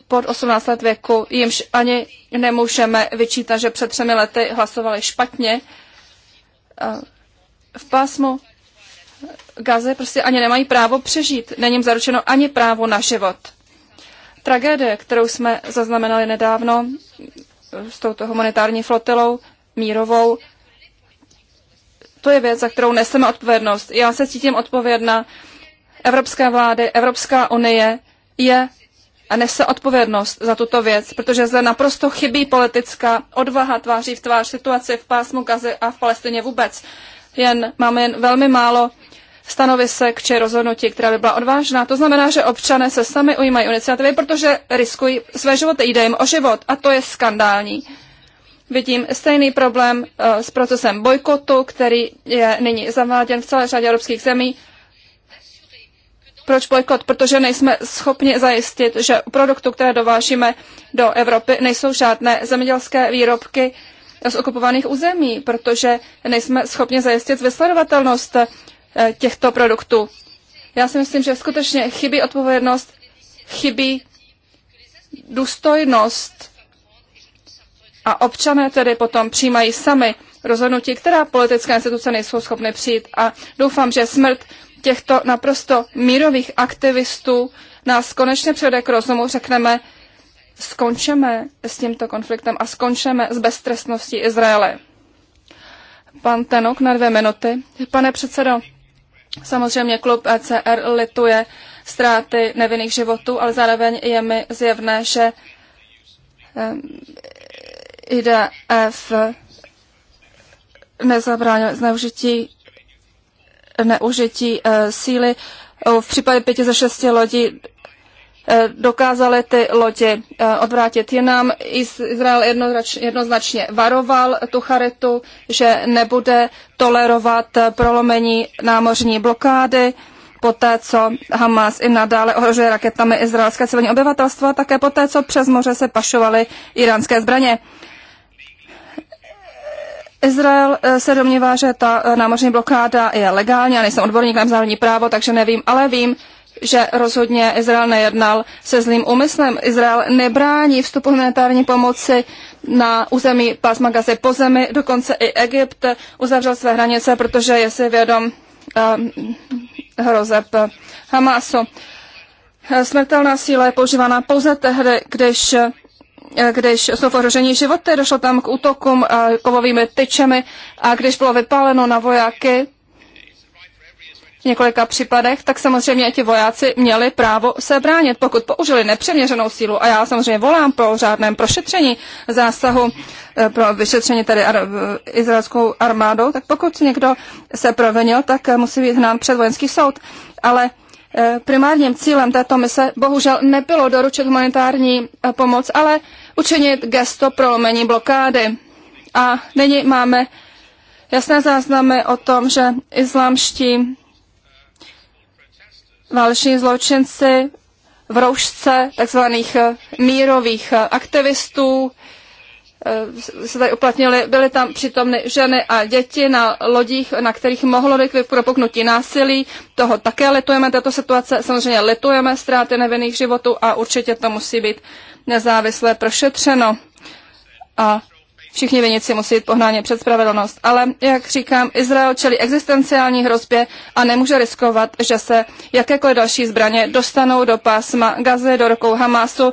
pod 18 let věku, jimž ani nemůžeme vyčítat, že před třemi lety hlasovali špatně. Eh, v pásmu Gaze prostě ani nemají právo přežít. Není jim zaručeno ani právo na život tragédie, kterou jsme zaznamenali nedávno eh, s touto humanitární flotilou mírovou, to je věc, za kterou neseme odpovědnost. Já se cítím odpovědná. Evropské vlády, Evropská unie je a nese odpovědnost za tuto věc, protože zde naprosto chybí politická odvaha tváří v tvář situaci v pásmu Gazy a v Palestině vůbec. Jen máme jen velmi málo stanovisek či rozhodnutí, která by byla odvážná. To znamená, že občané se sami ujímají iniciativy, protože riskují své životy, jde jim o život a to je skandální. Vidím stejný problém eh, s procesem bojkotu, který je nyní zaváděn v celé řadě evropských zemí. Proč bojkot? Protože nejsme schopni zajistit, že u produktu, které dovážíme do Evropy, nejsou žádné zemědělské výrobky z okupovaných území, protože nejsme schopni zajistit vysledovatelnost Eh, těchto produktů. Já si myslím, že skutečně chybí odpovědnost, chybí důstojnost a občané tedy potom přijímají sami rozhodnutí, která politické instituce nejsou schopny přijít. A doufám, že smrt těchto naprosto mírových aktivistů nás konečně přijde k rozumu, řekneme, skončeme s tímto konfliktem a skončeme s beztrestností Izraele. Pan Tenok na dvě minuty. Pane předsedo, Samozřejmě klub ECR lituje ztráty nevinných životů, ale zároveň je mi zjevné, že IDF nezabránil zneužití neužití e, síly. V případě pěti ze šesti lodí Eh, Dokázaly ty lodi eh, odvrátit jinam. Izrael jednoznačně varoval tu charitu, že nebude tolerovat eh, prolomení námořní blokády poté, co Hamas i nadále ohrožuje raketami izraelské civilní obyvatelstvo a také poté, co přes moře se pašovaly iránské zbraně. Izrael se domnívá, že ta námořní blokáda je legální, já nejsem odborník na mezinárodní právo, takže nevím, ale vím, že rozhodně Izrael nejednal se zlým úmyslem. Izrael nebrání vstupu humanitární pomoci na území pásma Gazy po zemi, dokonce i Egypt uzavřel své hranice, protože je si vědom um, hrozeb Hamasu. Smrtelná síla je používána pouze tehdy, když eh, když jsou v ohrožení životy, došlo tam k útokům eh, kovovými tyčemi a když bylo vypáleno na vojáky, v několika případech, tak samozřejmě ti vojáci měli právo se bránit, pokud použili nepřeměřenou sílu. A já samozřejmě volám po řádném prošetření zásahu eh, pro vyšetření tady ar- izraelskou armádou, tak pokud někdo se provinil, tak eh, musí být hnán před vojenský soud. Ale eh, primárním cílem této mise bohužel nebylo doručit humanitární pomoc, ale učinit gesto prolomení blokády. A nyní máme jasné záznamy o tom, že islámští váleční zločinci v roušce takzvaných eh, mírových eh, aktivistů, eh, se tady uplatnili, byly tam přitomny ženy a děti na lodích, na kterých mohlo dojít k propuknutí násilí. Toho také litujeme, tato situace. Samozřejmě litujeme ztráty nevinných životů a určitě to musí být nezávisle prošetřeno. A všichni vinici musí jít pohnáně před spravedlnost. Ale, jak říkám, Izrael čelí existenciální hrozbě a nemůže riskovat, že se jakékoliv další zbraně dostanou do pásma Gazy, do rukou Hamásu,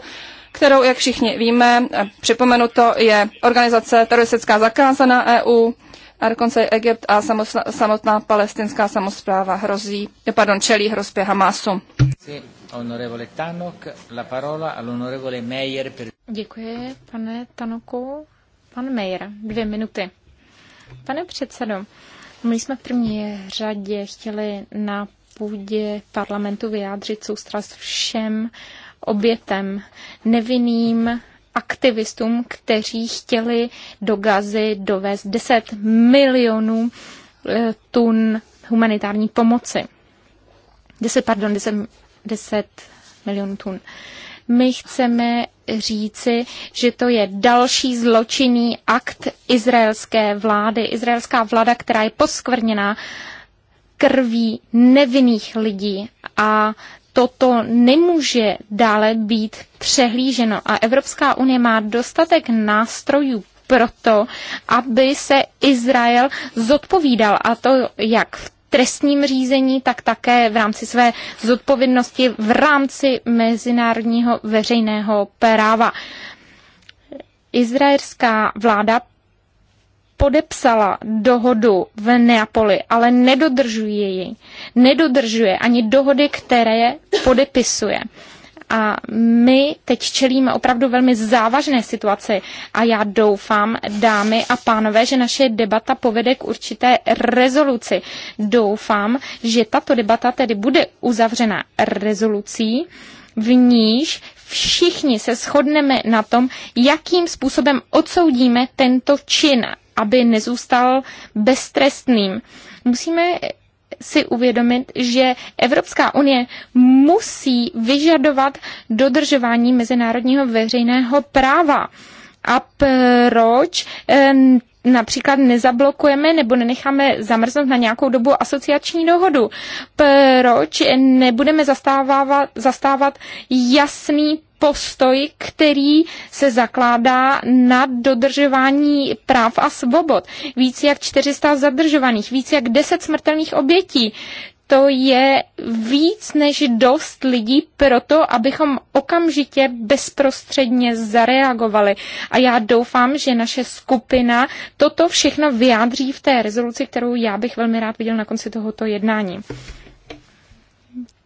kterou, jak všichni víme, připomenu to, je organizace teroristická zakázaná EU, a dokonce Egypt a samotná palestinská samozpráva hrozí, pardon, čelí hrozbě Hamásu. Děkuji, pane Tanoku. Pan Mayer, dvě minuty. Pane předsedo, my jsme v první řadě chtěli na půdě parlamentu vyjádřit soustrast všem obětem, nevinným aktivistům, kteří chtěli do Gazy dovést 10 milionů eh, tun humanitární pomoci. 10, pardon, 10, 10 milionů tun. Uh, my chceme říci, že to je další zločinný akt izraelské vlády. Izraelská vláda, která je poskvrněná krví nevinných lidí a toto nemůže dále být přehlíženo. A Evropská unie má dostatek nástrojů proto, aby se Izrael zodpovídal a to jak v trestním řízení, tak také v rámci své zodpovědnosti v rámci mezinárodního veřejného práva. Izraelská vláda podepsala dohodu v Neapoli, ale nedodržuje ji. Nedodržuje ani dohody, které podepisuje. A my teď čelíme opravdu velmi závažné situaci a já doufám, dámy a pánové, že naše debata povede k určité rezoluci. Doufám, že tato debata tedy bude uzavřena rezolucí, v níž všichni se shodneme na tom, jakým způsobem odsoudíme tento čin, aby nezůstal beztrestným. Musíme si uvědomit, že Evropská unie musí vyžadovat dodržování mezinárodního veřejného práva. A proč například nezablokujeme nebo nenecháme zamrznout na nějakou dobu asociační dohodu? Proč nebudeme zastávat, zastávat jasný postoj, který se zakládá na dodržování práv a svobod. Víc jak 400 zadržovaných, víc jak 10 smrtelných obětí. To je víc než dost lidí pro to, abychom okamžitě bezprostředně zareagovali. A já doufám, že naše skupina toto všechno vyjádří v té rezoluci, kterou já bych velmi rád viděl na konci tohoto jednání.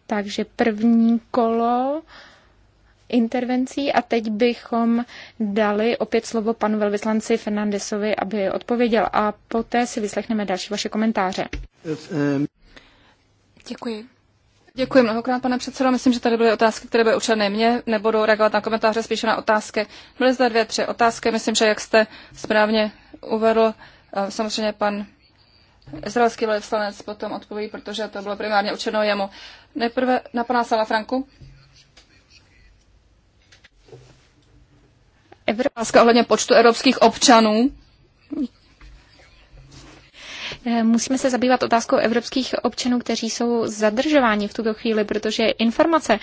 Takže první kolo intervencí a teď bychom dali opět slovo panu velvyslanci Fernandesovi, aby odpověděl a poté si vyslechneme další vaše komentáře. Děkuji. Děkuji mnohokrát, pane předsedo. Myslím, že tady byly otázky, které byly určené mě. Nebudu reagovat na komentáře, spíše na otázky. Byly zde dvě, tři otázky. Myslím, že jak jste správně uvedl, eh, samozřejmě pan izraelský velvyslanec potom odpoví, protože to bylo primárně určeno jemu. Nejprve na pana Sala Franku Evropská ohledně počtu evropských občanů. Eh, musíme se zabývat otázkou evropských občanů, kteří jsou zadržováni v tuto chvíli, protože informace,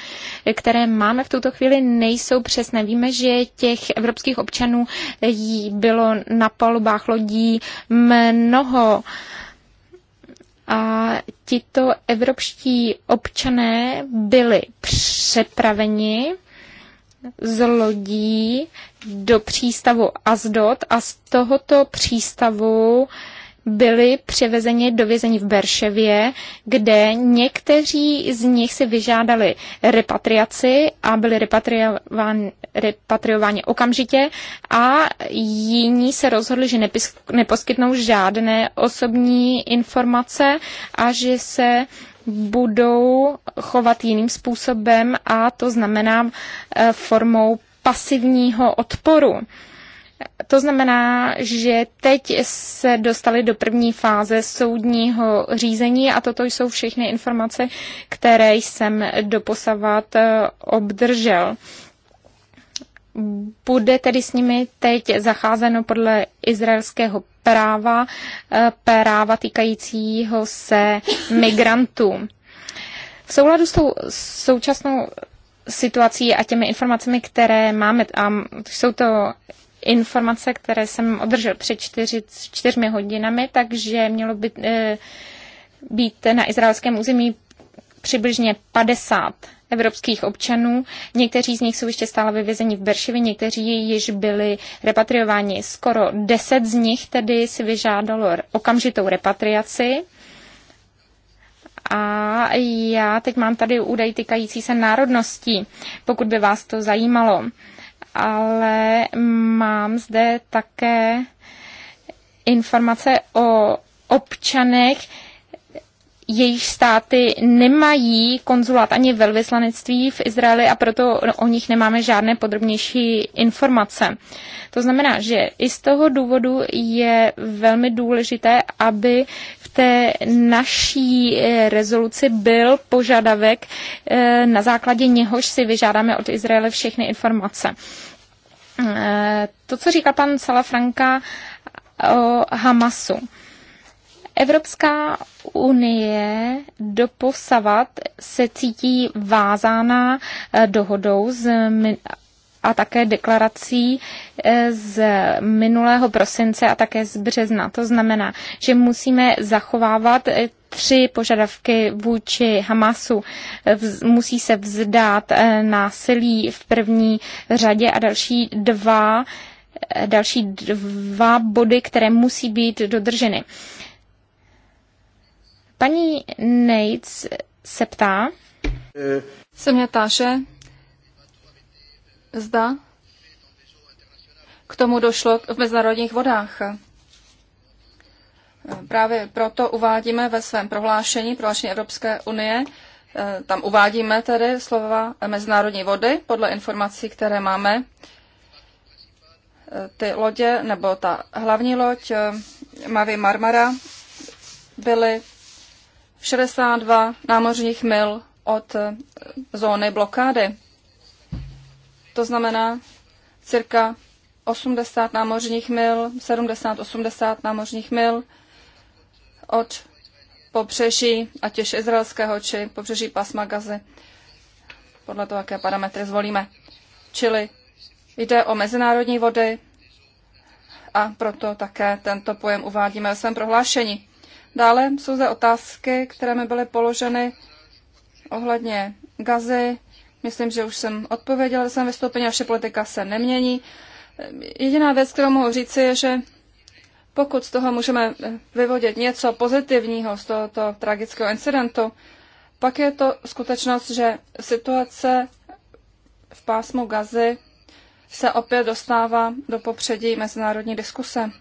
eh, které máme v tuto chvíli, nejsou přesné. Víme, že těch evropských občanů eh, bylo na palubách lodí mnoho. A tito evropští občané byli přepraveni z lodí do přístavu Azdot a z tohoto přístavu byli převezeni do vězení v Berševě, kde někteří z nich si vyžádali repatriaci a byli repatriováni okamžitě a jiní se rozhodli, že neposkytnou žádné osobní informace a že se budou chovat jiným způsobem a to znamená eh, formou pasivního odporu. To znamená, že teď se dostali do první fáze soudního řízení a toto jsou všechny informace, které jsem doposavat eh, obdržel bude tedy s nimi teď zacházeno podle izraelského práva, eh, práva týkajícího se migrantů. V souladu s tou současnou situací a těmi informacemi, které máme, a jsou to informace, které jsem održel před čtyři, čtyřmi hodinami, takže mělo by eh, být na izraelském území přibližně 50 evropských občanů. Někteří z nich jsou ještě stále vyvězeni v Berševi, někteří již byli repatriováni. Skoro deset z nich tedy si vyžádalo okamžitou repatriaci. A já teď mám tady údaj týkající se národností, pokud by vás to zajímalo. Ale mám zde také informace o občanech, jejich státy nemají konzulát ani velvyslanectví v Izraeli a proto o nich nemáme žádné podrobnější informace. To znamená, že i z toho důvodu je velmi důležité, aby v té naší eh, rezoluci byl požadavek, eh, na základě něhož si vyžádáme od Izraele všechny informace. Eh, to, co říká pan Salafranka o Hamasu. Evropská unie doposavat se cítí vázána eh, dohodou z a také deklarací eh, z minulého prosince a také z března. To znamená, že musíme zachovávat eh, tři požadavky vůči Hamasu. Musí se vzdát násilí v první řadě a další dva další dva body, které musí být dodrženy. Paní Nates se ptá. Se mě zda k tomu došlo v mezinárodních vodách. Právě proto uvádíme ve svém prohlášení, prohlášení Evropské unie, tam uvádíme tedy slova mezinárodní vody, podle informací, které máme. Ty lodě, nebo ta hlavní loď Mavi Marmara, byly 62 námořních mil od eh, zóny blokády. To znamená cirka 80 námořních mil, 70-80 námořních mil od pobřeží, ať už izraelského, či pobřeží pasma Gazy, podle toho, jaké parametry zvolíme. Čili jde o mezinárodní vody a proto také tento pojem uvádíme ve svém prohlášení. Dále jsou zde otázky, které mi byly položeny ohledně gazy. Myslím, že už jsem odpověděla ve svém vystoupení, naše politika se nemění. Jediná věc, kterou mohu říci, je, že pokud z toho můžeme vyvodit něco pozitivního z tohoto tragického incidentu, pak je to skutečnost, že situace v pásmu gazy se opět dostává do popředí mezinárodní diskuse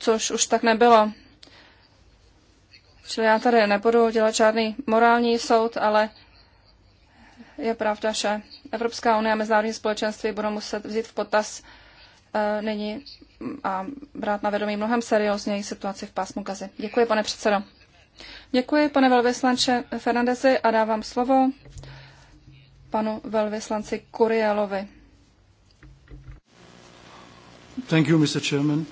což už tak nebylo. Čili já tady nebudu dělat žádný morální soud, ale je pravda, že Evropská unie a mezinárodní společenství budou muset vzít v potaz uh, nyní a brát na vědomí mnohem seriózněji situaci v pásmu Gazy. Děkuji, pane předsedo. Děkuji, pane velvyslanče Fernandezi a dávám slovo panu velvyslanci Kurielovi. Thank you, Mr. Chairman.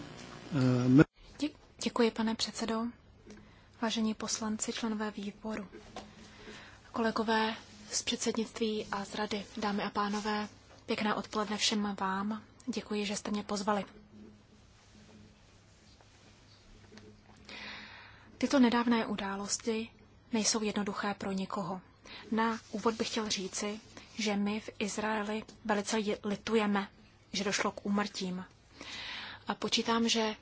Děkuji, pane předsedo. Vážení poslanci, členové výboru, kolegové z předsednictví a z rady, dámy a pánové, pěkné odpoledne všem vám. Děkuji, že jste mě pozvali. Tyto nedávné události nejsou jednoduché pro nikoho. Na úvod bych chtěl říci, že my v Izraeli velice litujeme, že došlo k úmrtím. A počítám, že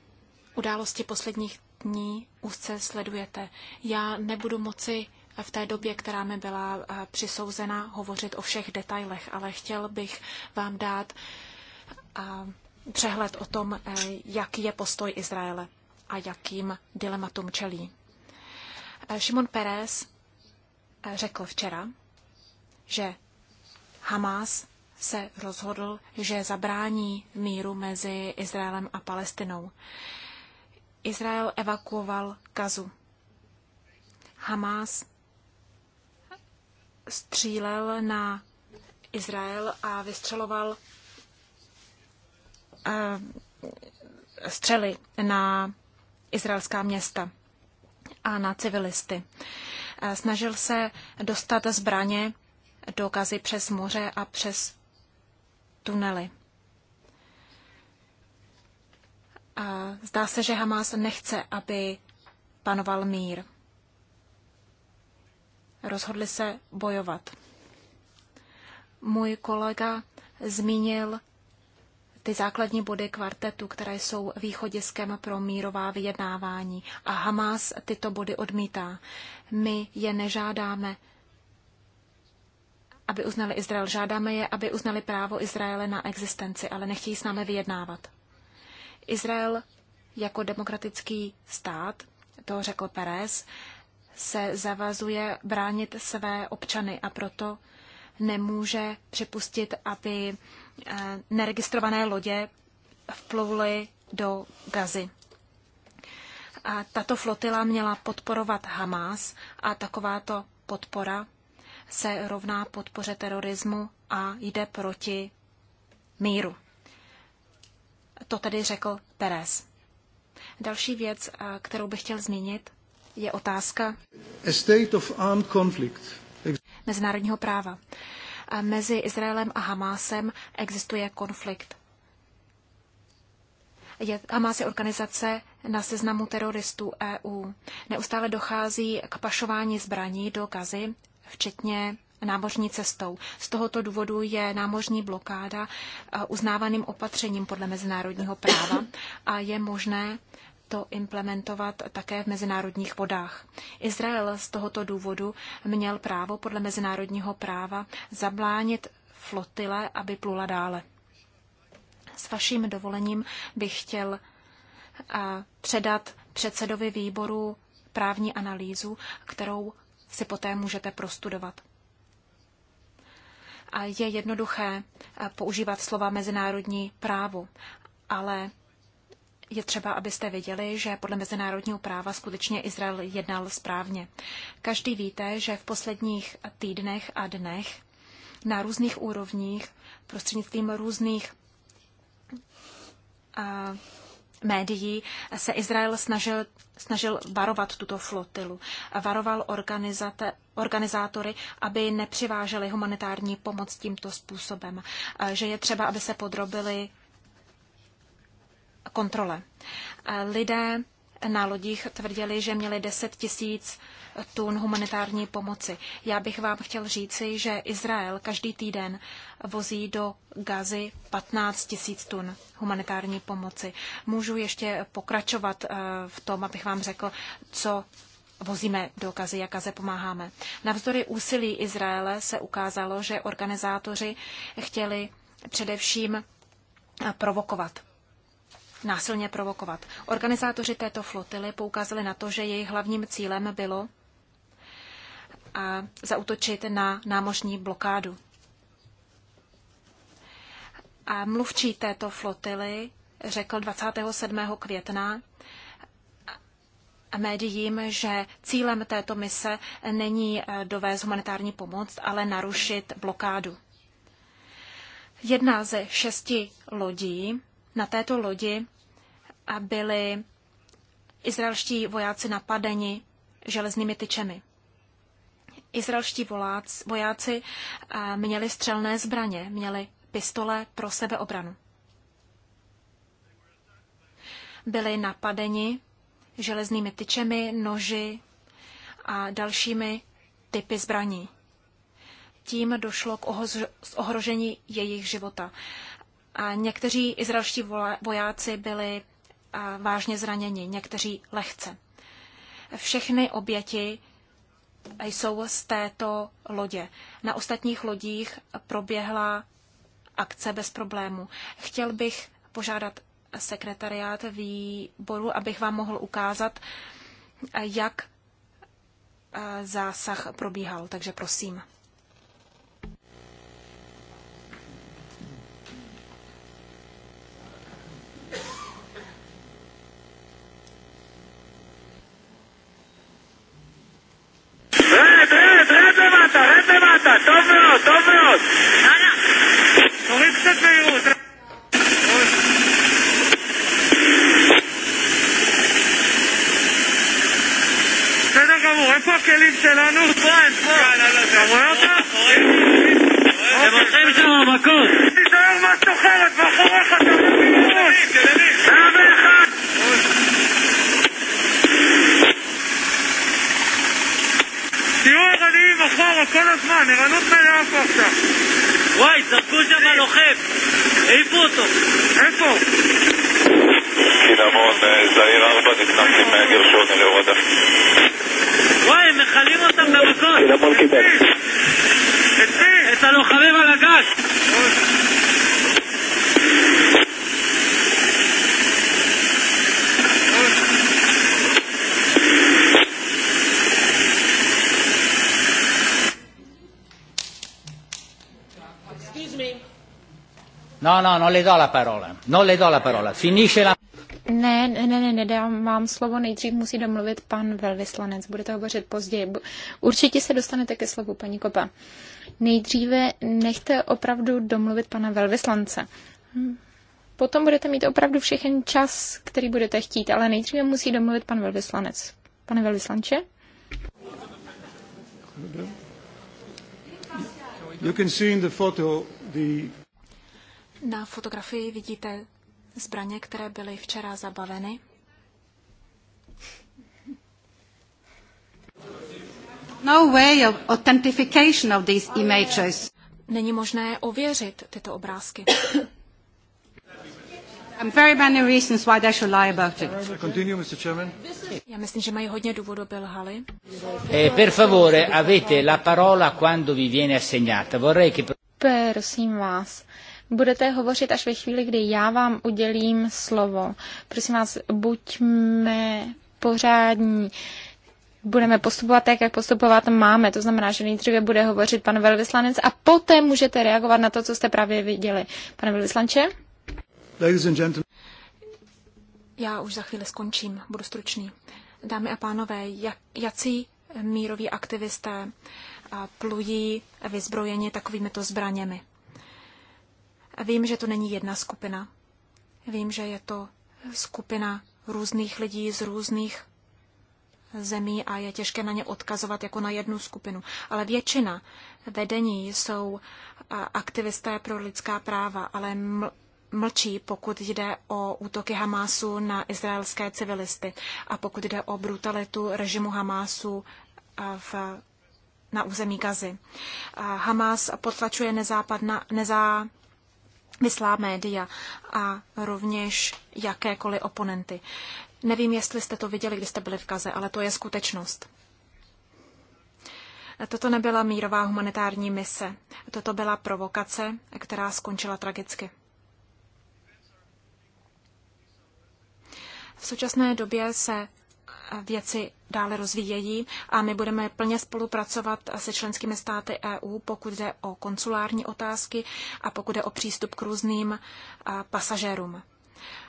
události posledních dní úzce sledujete. Já nebudu moci v té době, která mi byla eh, přisouzena, hovořit o všech detailech, ale chtěl bych vám dát eh, přehled o tom, eh, jaký je postoj Izraele a jakým dilematům čelí. Šimon Peres řekl včera, že Hamas se rozhodl, že zabrání míru mezi Izraelem a Palestinou. Izrael evakuoval Gazu. Hamas střílel na Izrael a vystřeloval eh, střely na izraelská města a na civilisty. Eh, snažil se dostat zbraně do Gazy přes moře a přes tunely. A zdá se, že Hamas nechce, aby panoval mír. Rozhodli se bojovat. Můj kolega zmínil ty základní body kvartetu, které jsou východiskem pro mírová vyjednávání. A Hamas tyto body odmítá. My je nežádáme aby uznali Izrael. Žádáme je, aby uznali právo Izraele na existenci, ale nechtějí s námi vyjednávat. Izrael jako demokratický stát, to řekl Perez, se zavazuje bránit své občany a proto nemůže připustit, aby eh, neregistrované lodě vplouly do Gazy. A tato flotila měla podporovat Hamas a takováto podpora se rovná podpoře terorismu a jde proti míru. To tedy řekl Pérez. Další věc, eh, kterou bych chtěl zmínit, je otázka state of armed conflict. mezinárodního práva. A eh, mezi Izraelem a Hamásem existuje konflikt. Je, Hamás je organizace na seznamu teroristů EU. Neustále dochází k pašování zbraní do Gazy včetně námořní cestou. Z tohoto důvodu je námořní blokáda eh, uznávaným opatřením podle mezinárodního práva a je možné to implementovat také v mezinárodních vodách. Izrael z tohoto důvodu měl právo podle mezinárodního práva zablánit flotile, aby plula dále. S vaším dovolením bych chtěl eh, předat předsedovi výboru právní analýzu, kterou si poté můžete prostudovat. A je jednoduché eh, používat slova mezinárodní právo, ale je třeba, abyste věděli, že podle mezinárodního práva skutečně Izrael jednal správně. Každý víte, že v posledních týdnech a dnech na různých úrovních prostřednictvím různých eh, médií se Izrael snažil, snažil varovat tuto flotilu. Varoval organizátory, aby nepřiváželi humanitární pomoc tímto způsobem, že je třeba, aby se podrobili kontrole. Lidé na lodích tvrdili, že měli 10 tisíc tun humanitární pomoci. Já bych vám chtěl říci, že Izrael každý týden vozí do Gazy 15 tisíc tun humanitární pomoci. Můžu ještě pokračovat eh, v tom, abych vám řekl, co vozíme do Gazy, jak Gaze pomáháme. Navzdory úsilí Izraele se ukázalo, že organizátoři chtěli především provokovat násilně provokovat. Organizátoři této flotily poukázali na to, že jejich hlavním cílem bylo a zautočit na námořní blokádu. A mluvčí této flotily řekl 27. května médiím, že cílem této mise není eh, dovést humanitární pomoc, ale narušit blokádu. Jedna ze šesti lodí na této lodi a byli izraelští vojáci napadeni železnými tyčemi. Izraelští vojáci měli střelné zbraně, měli pistole pro sebeobranu. Byli napadeni železnými tyčemi, noži a dalšími typy zbraní. Tím došlo k ohrožení jejich života. A někteří izraelští vojáci byli vážně zraněni, někteří lehce. Všechny oběti jsou z této lodě. Na ostatních lodích proběhla akce bez problému. Chtěl bych požádat sekretariát výboru, abych vám mohl ukázat, jak zásah probíhal. Takže prosím. Trpevata, to bylo, to bylo. Ano. Kolik se piju? בסדר גמור, איפה הכלים שלנו? פה, אין פה. אתה רואה אותה? הם הולכים שם מכות. תיזהר מה סוחרת מאחוריך, אתה מבין? 101! תהיו ערניים אחורה כל הזמן, ערנות מלאה פה עכשיו. וואי, זרקו שם לוחם, העיפו אותו. איפה? קינמון, זעיר 4, נכנסים מהגרשון להורדה. וואי, הם מכלים אותם במקום. קינמון קיבל. את מי? את הלוחמים על הגג. No, no, non le do la parola. Non le do la parola. Finisce la... Ne, ne, ne, nedám vám slovo. Nejdřív musí domluvit pan velvyslanec. Budete hovořit později. Určitě se dostanete ke slovu, paní Kopa. Nejdříve nechte opravdu domluvit pana velvyslance. Hm. Potom budete mít opravdu všechen čas, který budete chtít, ale nejdříve musí domluvit pan velvyslanec. Pane velvyslanče? You can see in the photo the na fotografii vidíte zbraně, které byly včera zabaveny. No way of authentication of these images. Není možné ověřit tyto obrázky. very many reasons why they should lie about it. Continue, Mr. Chairman. Já myslím, že mají hodně důvodů byl lhali. Eh, per favore, avete la parola quando vi viene assegnata. Vorrei che... Prosím vás, budete hovořit až ve chvíli, kdy já vám udělím slovo. Prosím vás, buďme pořádní budeme postupovat tak, jak postupovat máme. To znamená, že nejdříve bude hovořit pan velvyslanec a poté můžete reagovat na to, co jste právě viděli. Pane velvyslanče? Ladies and gentlemen. Já už za chvíli skončím, budu stručný. Dámy a pánové, jak, jací míroví aktivisté plují vyzbrojeně takovýmito zbraněmi? Vím, že to není jedna skupina. Vím, že je to skupina různých lidí z různých zemí a je těžké na ně odkazovat jako na jednu skupinu. Ale většina vedení jsou aktivisté pro lidská práva, ale mlčí, pokud jde o útoky Hamásu na izraelské civilisty a pokud jde o brutalitu režimu Hamásu v, na území Gazy. Hamás potlačuje nezápadna, nezá, vyslá média a rovněž jakékoliv oponenty. Nevím, jestli jste to viděli, když jste byli v Kaze, ale to je skutečnost. Toto nebyla mírová humanitární mise. Toto byla provokace, která skončila tragicky. V současné době se věci dále rozvíjejí a my budeme plně spolupracovat se členskými státy EU, pokud jde o konsulární otázky a pokud jde o přístup k různým pasažérům.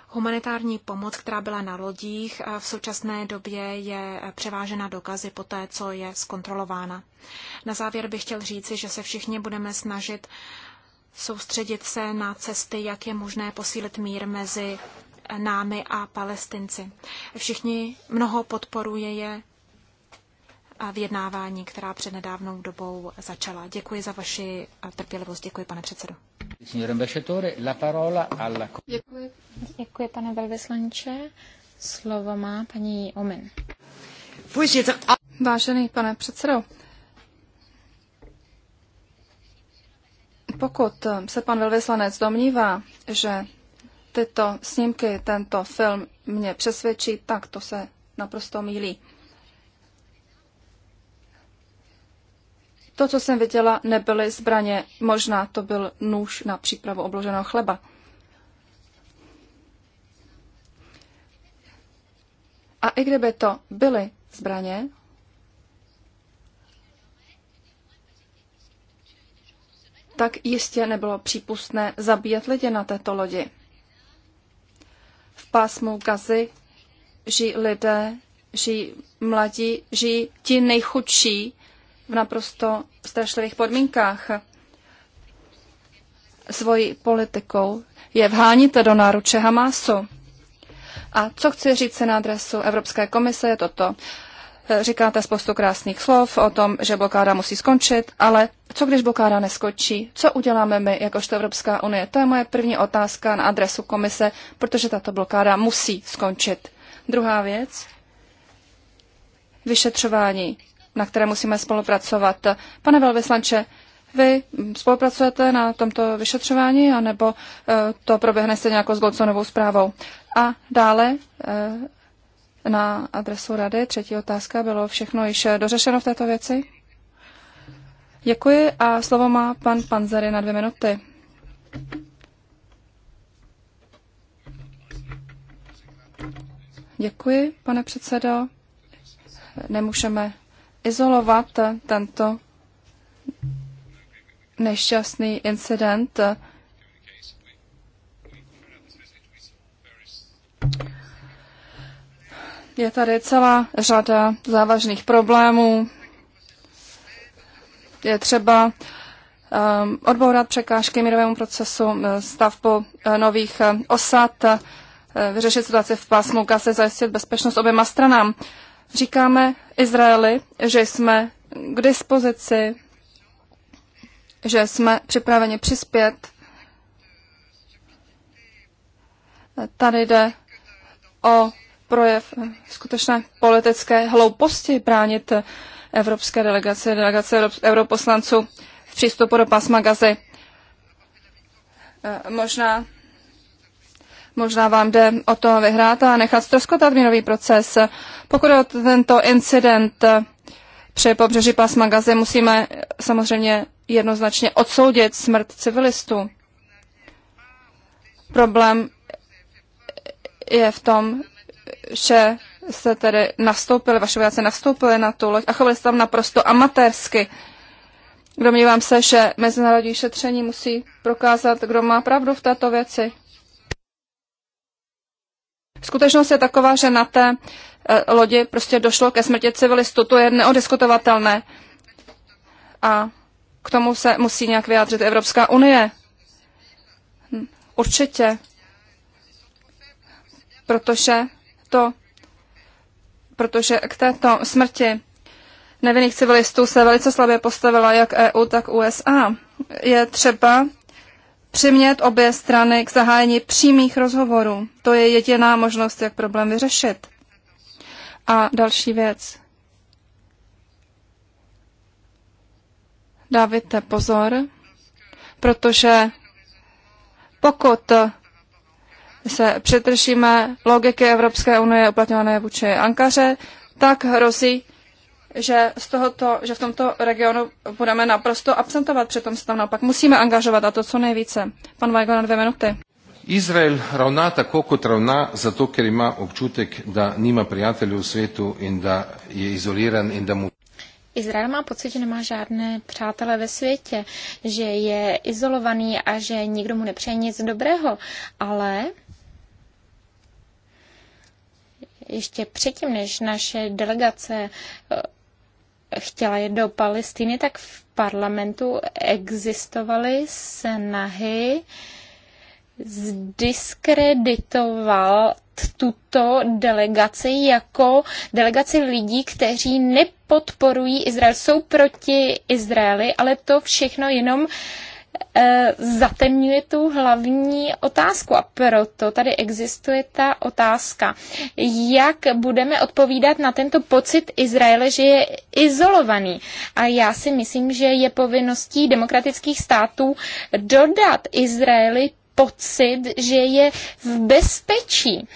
Humanitární pomoc, která byla na lodích, v současné době je převážena do Gazy po té, co je zkontrolována. Na závěr bych chtěl říci, že se všichni budeme snažit soustředit se na cesty, jak je možné posílit mír mezi námi a palestinci. Všichni mnoho podporuje je a vyjednávání, která před nedávnou dobou začala. Děkuji za vaši trpělivost. Děkuji, pane předsedo. Děkuji. Děkuji, pane velvyslanče. Slovo má paní Omen. Vážený pane předsedo, pokud se pan velvyslanec domnívá, že tyto snímky, tento film mě přesvědčí, tak to se naprosto mílí. To, co jsem viděla, nebyly zbraně, možná to byl nůž na přípravu obloženého chleba. A i kdyby to byly zbraně, tak jistě nebylo přípustné zabíjet lidi na této lodi. V pásmu Gazy žijí lidé, žijí mladí, žijí ti nejchudší v naprosto strašlivých podmínkách. Svojí politikou je vháníte do náruče Hamásu. A co chci říct se na adresu Evropské komise je toto. Říkáte spoustu krásných slov o tom, že blokáda musí skončit, ale co když blokáda neskončí? Co uděláme my jakožto Evropská unie? To je moje první otázka na adresu komise, protože tato blokáda musí skončit. Druhá věc, vyšetřování, na které musíme spolupracovat. Pane velvyslanče, vy spolupracujete na tomto vyšetřování, anebo eh, to proběhne stejně jako s Golconovou zprávou? A dále eh, na adresu rady. Třetí otázka, bylo všechno již dořešeno v této věci? Děkuji a slovo má pan Panzery na dvě minuty. Děkuji, pane předsedo. Nemůžeme izolovat tento nešťastný incident Je tady celá řada závažných problémů. Je třeba um, odbourat překážky mírovému procesu, eh, stavbu eh, nových eh, osad, vyřešit situaci v pásmu Gazy, zajistit bezpečnost oběma stranám. Říkáme Izraeli, že jsme k dispozici, že jsme připraveni přispět. Tady jde o projev skutečné politické hlouposti bránit evropské delegace, delegace europoslanců v přístupu do pasma Gazy. E, možná, možná vám jde o to vyhrát a nechat ztroskotat mírový proces. Pokud o tento incident při pobřeží pasma Gazy, musíme samozřejmě jednoznačně odsoudit smrt civilistů. Problém je v tom, že se tedy nastoupili, vaše vojáci nastoupili na tu loď a chovali se tam naprosto amatérsky. Domnívám se, že mezinárodní šetření musí prokázat, kdo má pravdu v této věci. Skutečnost je taková, že na té eh, lodi prostě došlo ke smrti civilistů. To je neodiskutovatelné. A k tomu se musí nějak vyjádřit Evropská unie. Hm, určitě. Protože to, protože k této smrti nevinných civilistů se velice slabě postavila jak EU, tak USA. Je třeba přimět obě strany k zahájení přímých rozhovorů. To je jediná možnost, jak problém vyřešit. A další věc. Dávajte pozor, protože pokud se přetržíme logiky Evropské unie uplatňované vůči Ankaře, tak hrozí, že, z tohoto, že v tomto regionu budeme naprosto absentovat při tom stavu. Naopak musíme angažovat a to co nejvíce. Pan Vajgo na dvě minuty. Izrael ravná tako, kot ravná, zato ker ima občutek, da nima prijatelju v svetu in da je izoliran in da mu. Izrael má pocit, že nemá žádné přátele ve světě, že je izolovaný a že nikdo mu nepřeje nic dobrého, ale ještě předtím, než naše delegace eh, chtěla jít do Palestiny, tak v parlamentu existovaly snahy zdiskreditovat tuto delegaci jako delegaci lidí, kteří nepodporují Izrael, jsou proti Izraeli, ale to všechno jenom uh, Eh, zatemňuje tu hlavní otázku a proto tady existuje ta otázka, jak budeme odpovídat na tento pocit Izraele, že je izolovaný. A já si myslím, že je povinností demokratických států dodat Izraeli pocit, že je v bezpečí.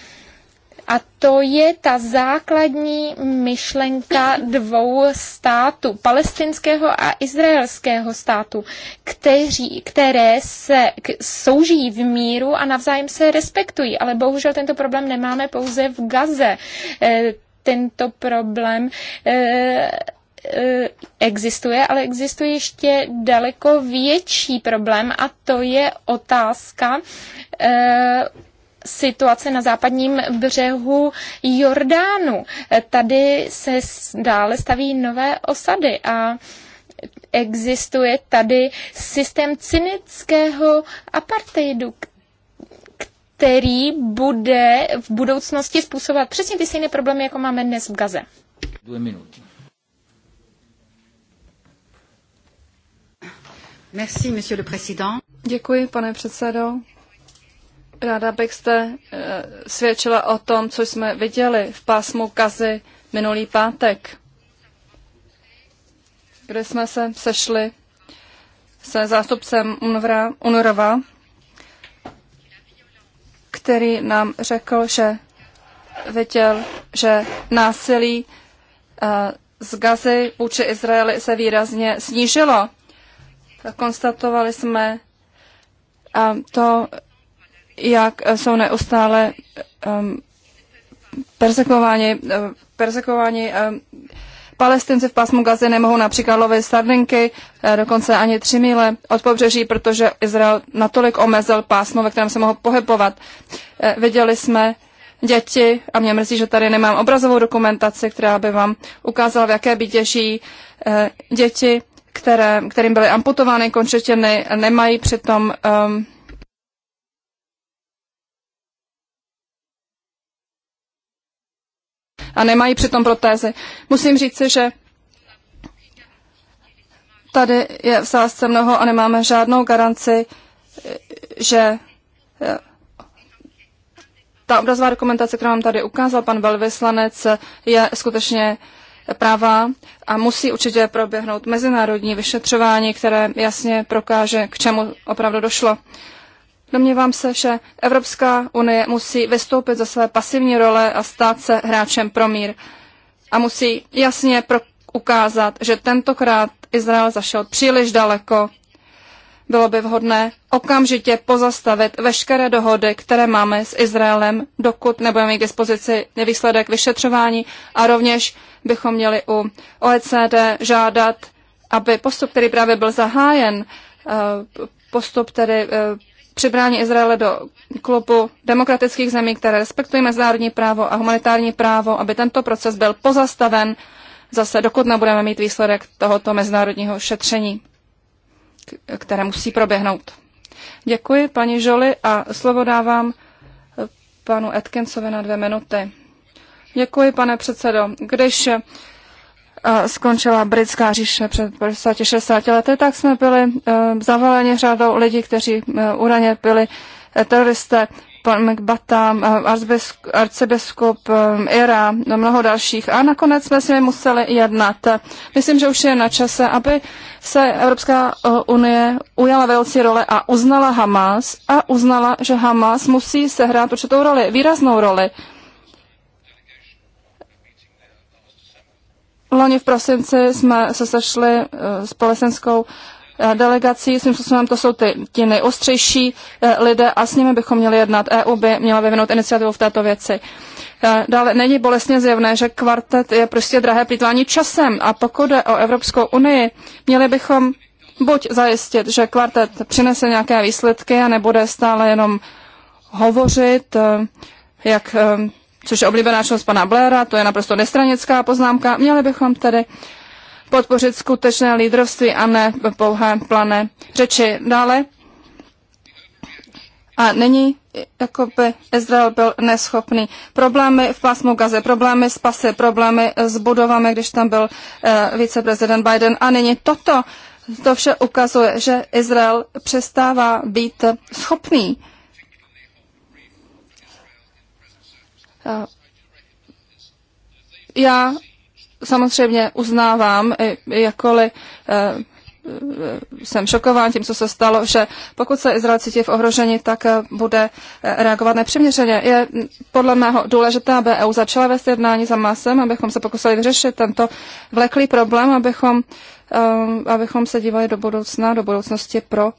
A to je ta základní myšlenka dvou států, palestinského a izraelského státu, kteří, které se k, soužijí v míru a navzájem se respektují. Ale bohužel tento problém nemáme pouze v Gaze. E, tento problém e, e existuje, ale existuje ještě daleko větší problém a to je otázka e, situace na západním břehu Jordánu. Tady se dále staví nové osady a existuje tady systém cynického apartheidu, který bude v budoucnosti způsobovat přesně ty stejné problémy, jako máme dnes v Gaze. Dvě minuty. Merci, monsieur le président. Děkuji, pane předsedo. Ráda bych zde eh, svědčila o tom, co jsme viděli v pásmu Kazy minulý pátek, kde jsme se sešli se zástupcem UNRWA, UNRWA který nám řekl, že viděl, že násilí eh, z Gazy vůči Izraeli se výrazně snížilo. Konstatovali jsme to jak eh, jsou neustále um, persekováni, eh, persekováni um, Palestinci v pásmu Gazy nemohou například lovit sardinky, eh, dokonce ani tři míle od pobřeží, protože Izrael natolik omezil pásmo, ve kterém se mohou pohybovat. Viděli jsme děti, a mě mrzí, že tady nemám obrazovou dokumentaci, která by vám ukázala, v jaké bídě žijí děti, které, kterým byly amputovány končetiny, nemají přitom um, a nemají přitom protézy. Musím říci, že tady je v sázce mnoho a nemáme žádnou garanci, že eh, ta obrazová dokumentace, kterou nám tady ukázal pan velvyslanec, je skutečně práva a musí určitě proběhnout mezinárodní vyšetřování, které jasně prokáže, k čemu opravdu došlo. Domnívám se, že Evropská unie musí vystoupit ze své pasivní role a stát se hráčem pro mír. A musí jasně pro- ukázat, že tentokrát Izrael zašel příliš daleko. Bylo by vhodné okamžitě pozastavit veškeré dohody, které máme s Izraelem, dokud nebudeme mít k dispozici výsledek vyšetřování a rovněž bychom měli u OECD žádat, aby postup, který právě byl zahájen, eh, postup tedy eh, přibrání Izraele do klubu demokratických zemí, které respektují mezinárodní právo a humanitární právo, aby tento proces byl pozastaven zase, dokud nebudeme mít výsledek tohoto mezinárodního šetření, které musí proběhnout. Děkuji paní Žoli a slovo dávám panu Atkinsovi na dvě minuty. Děkuji, pane předsedo. Když skončila britská říše před 60 lety, tak jsme byli eh, zavaleni řadou lidí, kteří uraně eh, byli eh, teroristé. Pan McBata, arcibiskup Ira, no mnoho dalších. A nakonec jsme si museli jednat. Myslím, že už je na čase, aby se Evropská unie ujala velcí role a uznala Hamas a uznala, že Hamas musí sehrát určitou roli, výraznou roli Loni v prosinci jsme se sešli eh, s palestinskou eh, delegací, tím způsobem to jsou ty, ti nejostřejší eh, lidé a s nimi bychom měli jednat. EU by měla vyvinout iniciativu v této věci. Dále není bolestně zjevné, že kvartet je prostě drahé plýtvání časem a pokud jde o Evropskou unii, měli bychom buď zajistit, že kvartet přinese nějaké výsledky a nebude stále jenom hovořit, jak což je oblíbená činnost pana Blaira, to je naprosto nestranická poznámka. Měli bychom tedy podpořit skutečné lídrovství a ne pouhé plané řeči dále. A není, jako by Izrael byl neschopný. Problémy v pásmu Gaze, problémy s pasy, problémy s budovami, když tam byl uh, viceprezident Biden. A není toto. To vše ukazuje, že Izrael přestává být schopný uh, Já samozřejmě uznávám, jakkoliv e, e, jsem šokován tím, co se stalo, že pokud se Izrael cítí v ohrožení, tak e, bude reagovat nepřiměřeně. Je podle mého důležité, aby EU začala vést jednání za masem, abychom se pokusili vyřešit tento vleklý problém, abychom, abychom se dívali do budoucna, do budoucnosti pro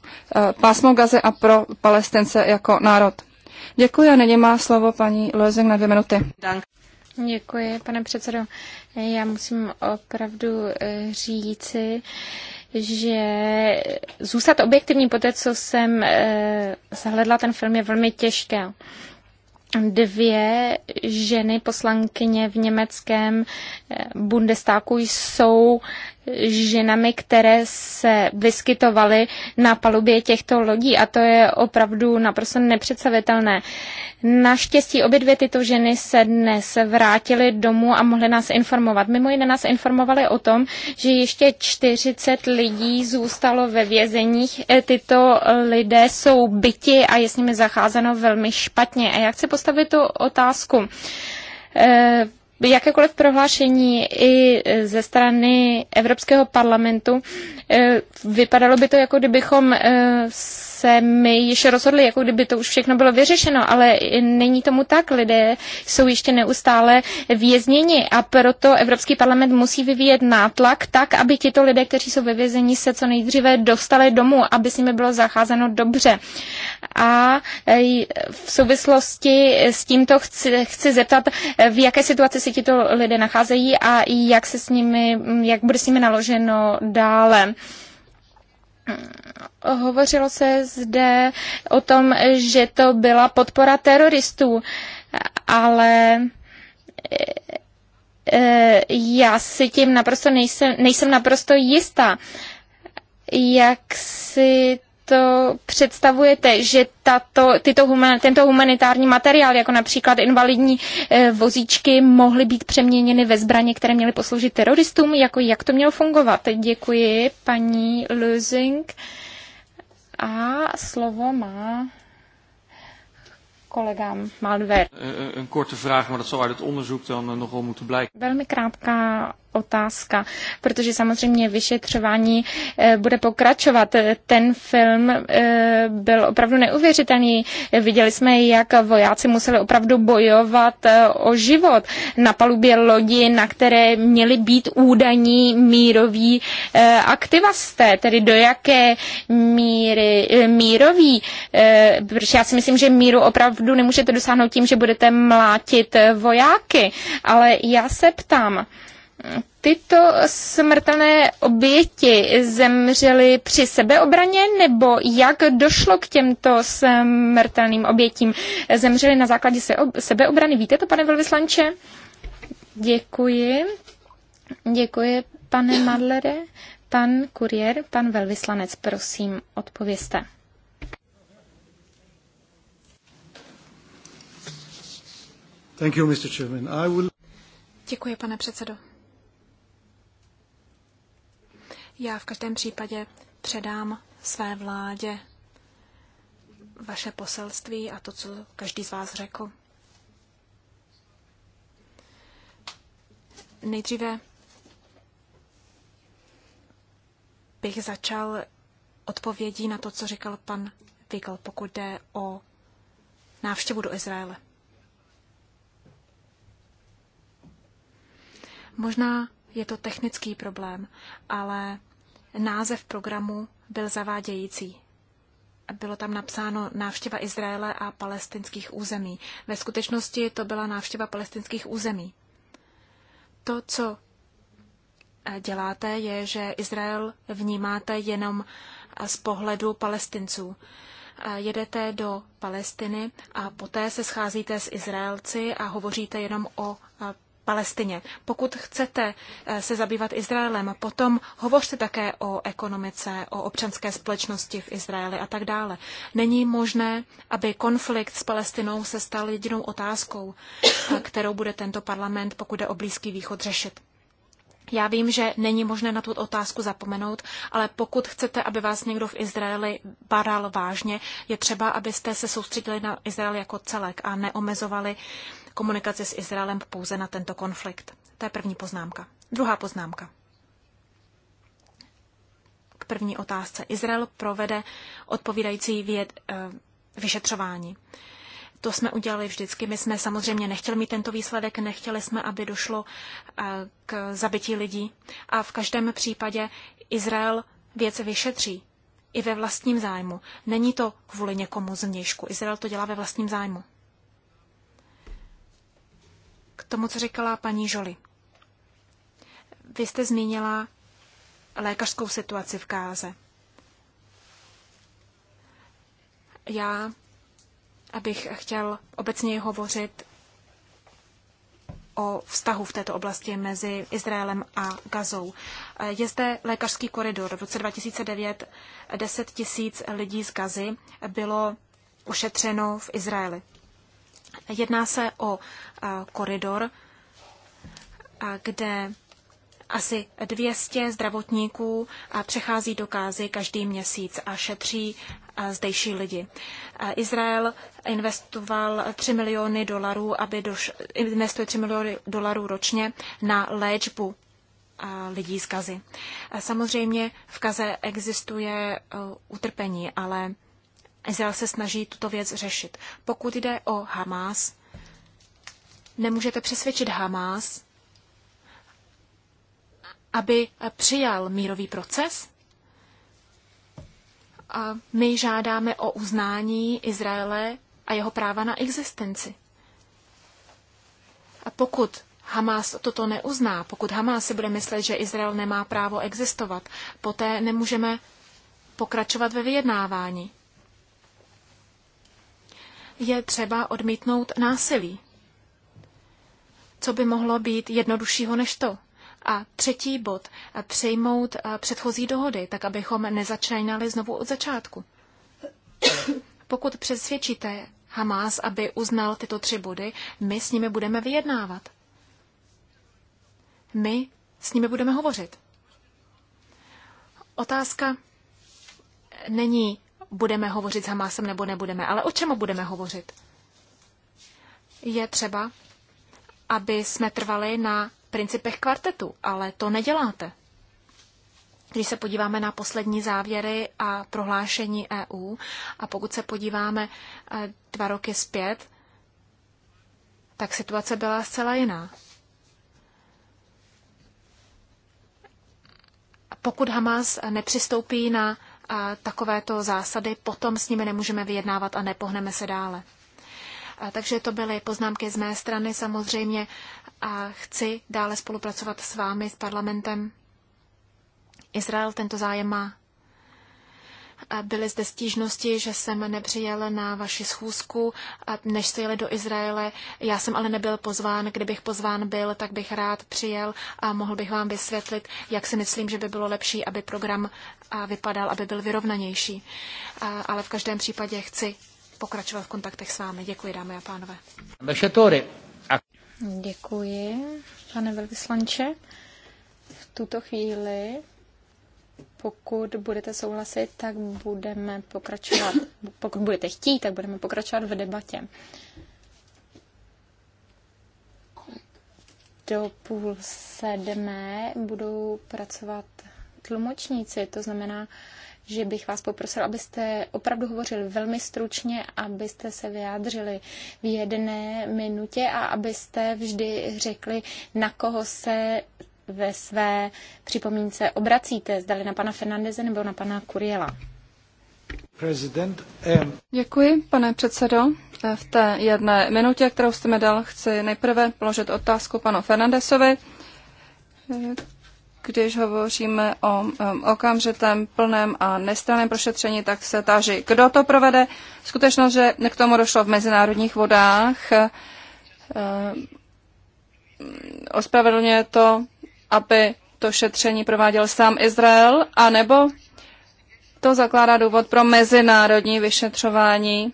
pásmo Gazy a pro Palestince jako národ. Děkuji a nyní má slovo paní Lezek na dvě minuty. Dank. Děkuji, pane předsedo. Já musím opravdu eh, říci, že zůstat objektivní po té, co jsem eh, zahledla ten film, je velmi těžké dvě ženy poslankyně v německém eh, Bundestagu jsou ženami, které se vyskytovaly na palubě těchto lodí a to je opravdu naprosto nepředstavitelné. Naštěstí obě dvě tyto ženy se dnes vrátily domů a mohly nás informovat. Mimo jiné nás informovali o tom, že ještě 40 lidí zůstalo ve vězeních. E, tyto lidé jsou byti a je s nimi zacházeno velmi špatně. A já chci postavit tu otázku e, jakékoliv prohlášení i ze strany Evropského parlamentu, eh, vypadalo by to, jako kdybychom eh, se my již rozhodli, jako kdyby to už všechno bylo vyřešeno, ale není tomu tak. Lidé jsou ještě neustále vězněni a proto Evropský parlament musí vyvíjet nátlak tak, aby tito lidé, kteří jsou ve vězení, se co nejdříve dostali domů, aby s nimi bylo zacházeno dobře. A e, v souvislosti s tímto chci, chci zeptat, v jaké situaci se tito lidé nacházejí a jak se s nimi, jak bude s nimi naloženo dále. Hovořilo se zde o tom, že to byla podpora teroristů, ale e, e, já si tím naprosto nejsem, nejsem naprosto jistá. Jak si to představujete, že tato, tyto human, tento humanitární materiál, jako například invalidní eh, vozíčky, mohly být přeměněny ve zbraně, které měly posloužit teroristům? Jako, jak to mělo fungovat? Děkuji, paní Lusing. A slovo má kolega Malver. Eh, eh, een korte vraag, maar dat zal uit het onderzoek dan nogal moeten blijken. Velmi krátká otázka, protože samozřejmě vyšetřování eh, bude pokračovat. Ten film eh, byl opravdu neuvěřitelný. Viděli jsme, jak vojáci museli opravdu bojovat eh, o život na palubě lodi, na které měli být údajní míroví aktivisté, tedy do jaké míry míroví, protože já si myslím, že míru opravdu nemůžete dosáhnout tím, že budete mlátit vojáky, ale já se ptám, tyto smrtelné oběti zemřely při sebeobraně nebo jak došlo k těmto smrtelným obětím? Zemřely na základě sebeobrany? Víte to, pane velvyslanče? Děkuji. Děkuji, pane Madlere. Pan kuriér, pan velvyslanec, prosím, odpověste. Děkuji, pane předsedo. Já v každém případě předám své vládě vaše poselství a to, co každý z vás řekl. Nejdříve bych začal odpovědí na to, co říkal pan Vigl, pokud jde o návštěvu do Izraele. Možná je to technický problém, ale název programu byl zavádějící. Bylo tam napsáno návštěva Izraele a palestinských území. Ve skutečnosti to byla návštěva palestinských území. To, co eh, děláte, je, že Izrael vnímáte jenom eh, z pohledu palestinců. Eh, jedete do Palestiny a poté se scházíte s Izraelci a hovoříte jenom o Palestině. Pokud chcete eh, se zabývat Izraelem, potom hovořte také o ekonomice, o občanské společnosti v Izraeli a tak dále. Není možné, aby konflikt s Palestinou se stal jedinou otázkou, eh, kterou bude tento parlament, pokud jde o Blízký východ, řešit. Já vím, že není možné na tu otázku zapomenout, ale pokud chcete, aby vás někdo v Izraeli baral vážně, je třeba, abyste se soustředili na Izrael jako celek a neomezovali komunikaci s Izraelem pouze na tento konflikt. To je první poznámka. Druhá poznámka. K první otázce. Izrael provede odpovídající věd, eh, vyšetřování. To jsme udělali vždycky. My jsme samozřejmě nechtěli mít tento výsledek, nechtěli jsme, aby došlo eh, k zabití lidí. A v každém případě Izrael věc vyšetří. I ve vlastním zájmu. Není to kvůli někomu zvnějšku. Izrael to dělá ve vlastním zájmu. K tomu, co říkala paní Žoli. Vy jste zmínila lékařskou situaci v Káze. Já abych chtěl obecně hovořit o vztahu v této oblasti mezi Izraelem a Gazou. Je zde lékařský koridor. V roce 2009 10 tisíc lidí z Gazy bylo ošetřeno v Izraeli. Jedná se o koridor, kde asi 200 zdravotníků a přechází do kázy každý měsíc a šetří zdejší lidi. Izrael investoval 3 miliony dolarů, aby doš- investuje 3 miliony dolarů ročně na léčbu lidí z Kazy. Samozřejmě v Kaze existuje utrpení, ale Izrael se snaží tuto věc řešit. Pokud jde o Hamas, nemůžete přesvědčit Hamas, aby přijal mírový proces. A my žádáme o uznání Izraele a jeho práva na existenci. A pokud Hamas toto neuzná, pokud Hamas si bude myslet, že Izrael nemá právo existovat, poté nemůžeme pokračovat ve vyjednávání. Je třeba odmítnout násilí. Co by mohlo být jednoduššího než to? A třetí bod, eh, přejmout eh, předchozí dohody, tak abychom nezačínali znovu od začátku. Pokud přesvědčíte Hamás, aby uznal tyto tři body, my s nimi budeme vyjednávat. My s nimi budeme hovořit. Otázka není, budeme hovořit s Hamásem nebo nebudeme, ale o čem budeme hovořit. Je třeba, aby jsme trvali na principech kvartetu, ale to neděláte. Když se podíváme na poslední závěry a prohlášení EU a pokud se podíváme eh, dva roky zpět, tak situace byla zcela jiná. Pokud Hamas nepřistoupí na eh, takovéto zásady, potom s nimi nemůžeme vyjednávat a nepohneme se dále. Eh, takže to byly poznámky z mé strany. Samozřejmě a chci dále spolupracovat s vámi, s parlamentem. Izrael tento zájem má. Byly zde stížnosti, že jsem nepřijel na vaši schůzku, než jste jeli do Izraele. Já jsem ale nebyl pozván. Kdybych pozván byl, tak bych rád přijel a mohl bych vám vysvětlit, jak si myslím, že by bylo lepší, aby program vypadal, aby byl vyrovnanější. Ale v každém případě chci pokračovat v kontaktech s vámi. Děkuji, dámy a pánové. Ambasciatore, Děkuji, pane velvyslanče. V tuto chvíli, pokud budete souhlasit, tak budeme pokračovat, pokud budete chtít, tak budeme pokračovat v debatě. Do půl sedmé budou pracovat tlumočníci, to znamená, že bych vás poprosil, abyste opravdu hovořili velmi stručně, abyste se vyjádřili v jedné minutě a abyste vždy řekli, na koho se ve své připomínce obracíte, zdali na pana Fernandeze nebo na pana Kuriela. Eh, Děkuji, pane předsedo. Eh, v té jedné minutě, kterou jste mi dal, chci nejprve položit otázku panu Fernandesovi, eh, když hovoříme o um, okamžitém, plném a nestraném prošetření, tak se táží, kdo to provede. Skutečnost, že k tomu došlo v mezinárodních vodách, eh, ospravedlňuje to, aby to šetření prováděl sám Izrael, anebo to zakládá důvod pro mezinárodní vyšetřování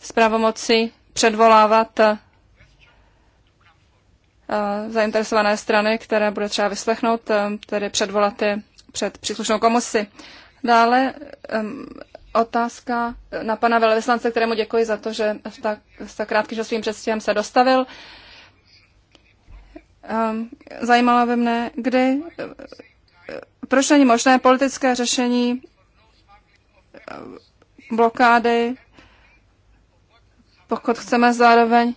s pravomocí předvolávat Eh, zainteresované strany, které bude třeba vyslechnout, eh, tedy předvolat je před příslušnou komisi. Dále otázka na pana velvyslance, kterému děkuji za to, že v tak, v tak krátkým časovým předstihem se dostavil. Zajímalo by mne, kdy, eh, proč není možné politické řešení blokády, pokud chceme zároveň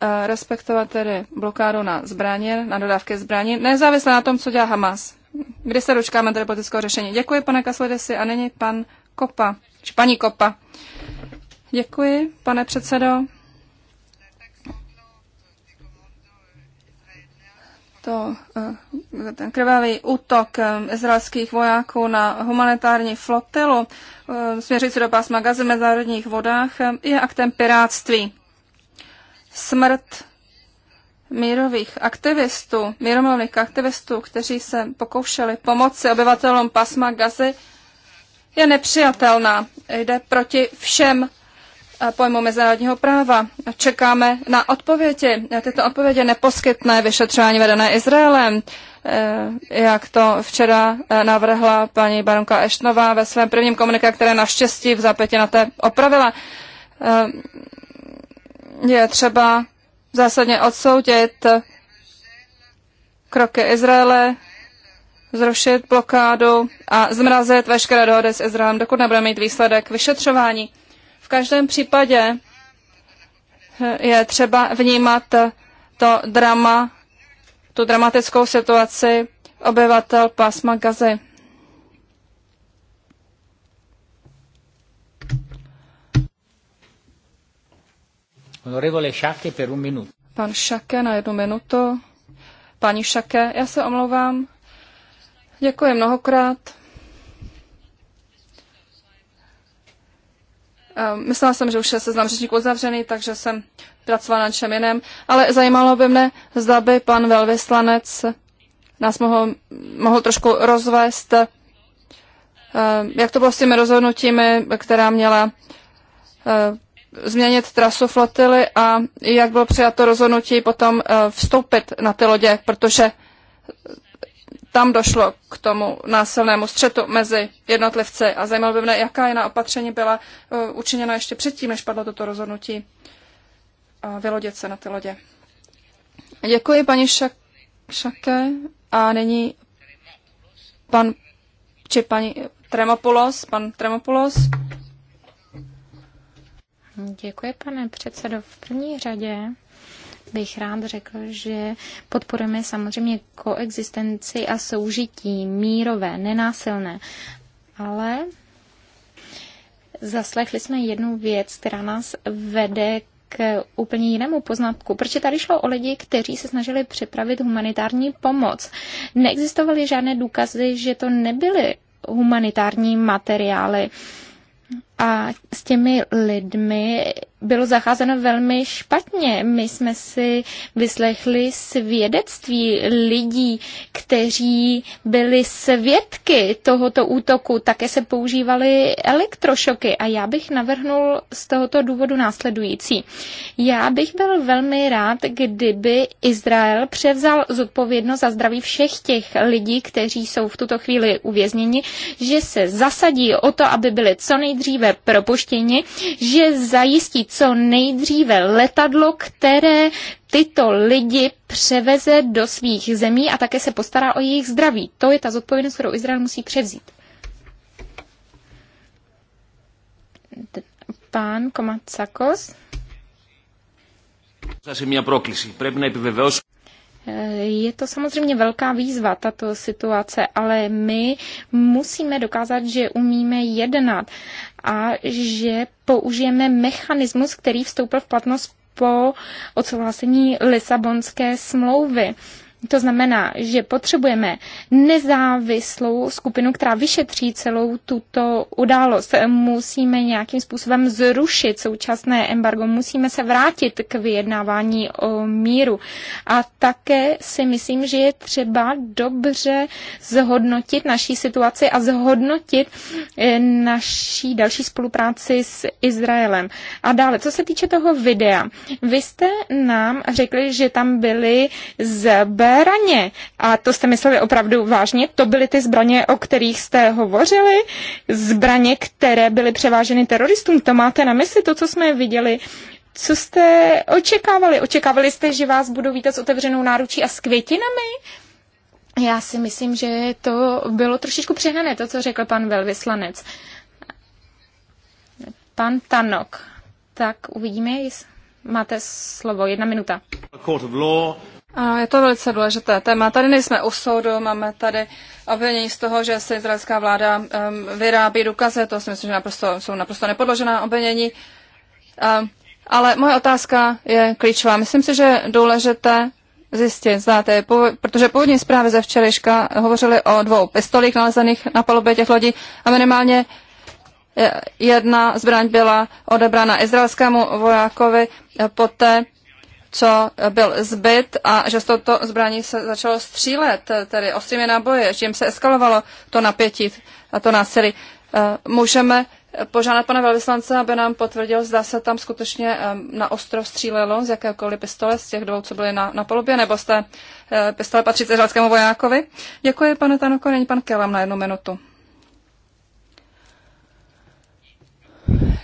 Eh, respektovat tedy blokádu na zbraně, na dodávky zbraní, nezávisle na tom, co dělá Hamas. Kdy se dočkáme tedy politického řešení? Děkuji, pane Kasledesi, a není pan Kopa, či paní Kopa. Děkuji, pane předsedo. To, eh, ten krvavý útok eh, izraelských vojáků na humanitární flotilu směřící do pásma Gazy v mezinárodních vodách je aktem piráctví smrt mírových aktivistů, míromilovných aktivistů, kteří se pokoušeli pomoci obyvatelům pasma Gazy, je nepřijatelná. Jde proti všem eh, pojmu mezinárodního práva. Čekáme na odpovědi. Tyto odpovědi neposkytné vyšetřování vedené Izraelem, eh, jak to včera eh, navrhla paní baronka Eštnová ve svém prvním komuniké, které naštěstí v zapětě na té opravila je třeba zásadně odsoudit kroky Izraele, zrušit blokádu a zmrazit veškeré dohody s Izraelem, dokud nebude mít výsledek vyšetřování. V každém případě je třeba vnímat to drama, tu dramatickou situaci obyvatel pásma Gazy. Pan Šake na jednu minutu. Paní Šake, já se omlouvám. Děkuji mnohokrát. Ehm, myslela jsem, že už je seznam řečníků uzavřený, takže jsem pracovala na čem jiném, ale zajímalo by mne, zda by pan velvyslanec nás mohl, mohl trošku rozvést, ehm, jak to bylo s těmi rozhodnutími, která měla ehm, změnit trasu flotily a jak bylo přijato rozhodnutí potom eh, vstoupit na ty lodě, protože tam došlo k tomu násilnému střetu mezi jednotlivci a zajímalo by mne, jaká jiná opatření byla eh, učiněna ještě předtím, než padlo toto rozhodnutí a eh, vylodit se na ty lodě. Děkuji paní Šaké a nyní pan či paní Tremopoulos, pan Tremopoulos. Děkuji, pane předsedo. V první řadě bych rád řekl, že podporujeme samozřejmě koexistenci a soužití mírové, nenásilné, ale zaslechli jsme jednu věc, která nás vede k úplně jinému poznatku, protože tady šlo o lidi, kteří se snažili připravit humanitární pomoc. Neexistovaly žádné důkazy, že to nebyly humanitární materiály a s těmi lidmi bylo zacházeno velmi špatně. My jsme si vyslechli svědectví lidí, kteří byli svědky tohoto útoku. Také se používaly elektrošoky a já bych navrhnul z tohoto důvodu následující. Já bych byl velmi rád, kdyby Izrael převzal zodpovědnost za zdraví všech těch lidí, kteří jsou v tuto chvíli uvězněni, že se zasadí o to, aby byli co nejdříve nejdříve propuštěni, že zajistí co nejdříve letadlo, které tyto lidi převeze do svých zemí a také se postará o jejich zdraví. To je ta zodpovědnost, kterou Izrael musí převzít. Pán Komatsakos. Je to samozřejmě velká výzva, tato situace, ale my musíme dokázat, že umíme jednat a že použijeme mechanismus, který vstoupil v platnost po odsouhlasení Lisabonské smlouvy. To znamená, že potřebujeme nezávislou skupinu, která vyšetří celou tuto událost. Musíme nějakým způsobem zrušit současné embargo, musíme se vrátit k vyjednávání o míru. A také si myslím, že je třeba dobře zhodnotit naší situaci a zhodnotit eh, naší další spolupráci s Izraelem. A dále, co se týče toho videa, vy jste nám řekli, že tam byly zbe raně. A to jste mysleli opravdu vážně? To byly ty zbraně, o kterých jste hovořili? Zbraně, které byly převáženy teroristům? To máte na mysli, to, co jsme viděli? Co jste očekávali? Očekávali jste, že vás budou vítat s otevřenou náručí a s květinami? Já si myslím, že to bylo trošičku přehnané, to, co řekl pan velvyslanec. Pan Tanok. Tak uvidíme, máte slovo. Jedna minuta. Ano, je to velice důležité téma. Tady nejsme u soudu, máme tady obvinění z toho, že se izraelská vláda um, vyrábí důkazy, to si myslím, že naprosto, jsou naprosto nepodložená obvinění. Um, ale moje otázka je klíčová. Myslím si, že je důležité zjistit, znáte, protože původní zprávy ze včerejška hovořily o dvou pistolích nalezených na palubě těch lodí a minimálně jedna zbraň byla odebrána izraelskému vojákovi poté, co byl zbyt a že z toto zbraní se začalo střílet, tedy ostrými náboje, že jim se eskalovalo to napětí a to násilí. Eh, můžeme požádat pana velvyslance, aby nám potvrdil, zda se tam skutečně eh, na ostrov střílelo z jakékoliv pistole, z těch dvou, co byly na, na polubě, nebo z té eh, pistole patří řádskému vojákovi. Děkuji, pane Tanoko, není pan Kelam na jednu minutu.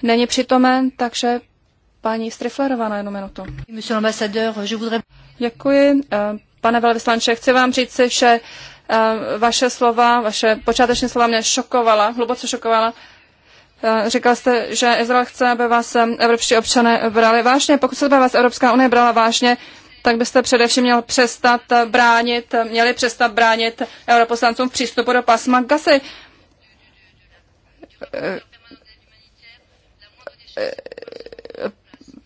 Není přitomen, takže Paní Striflerová na jednu minutu. Děkuji. Eh, pane velvyslanče, chci vám říct, že eh, vaše slova, vaše počáteční slova mě šokovala, hluboce šokovala. Eh, říkal jste, že Izrael chce, aby vás evropští občané brali vážně. Pokud se by vás Evropská unie brala vážně, tak byste především měl přestat bránit, měli přestat bránit europoslancům v přístupu do pasma Gasy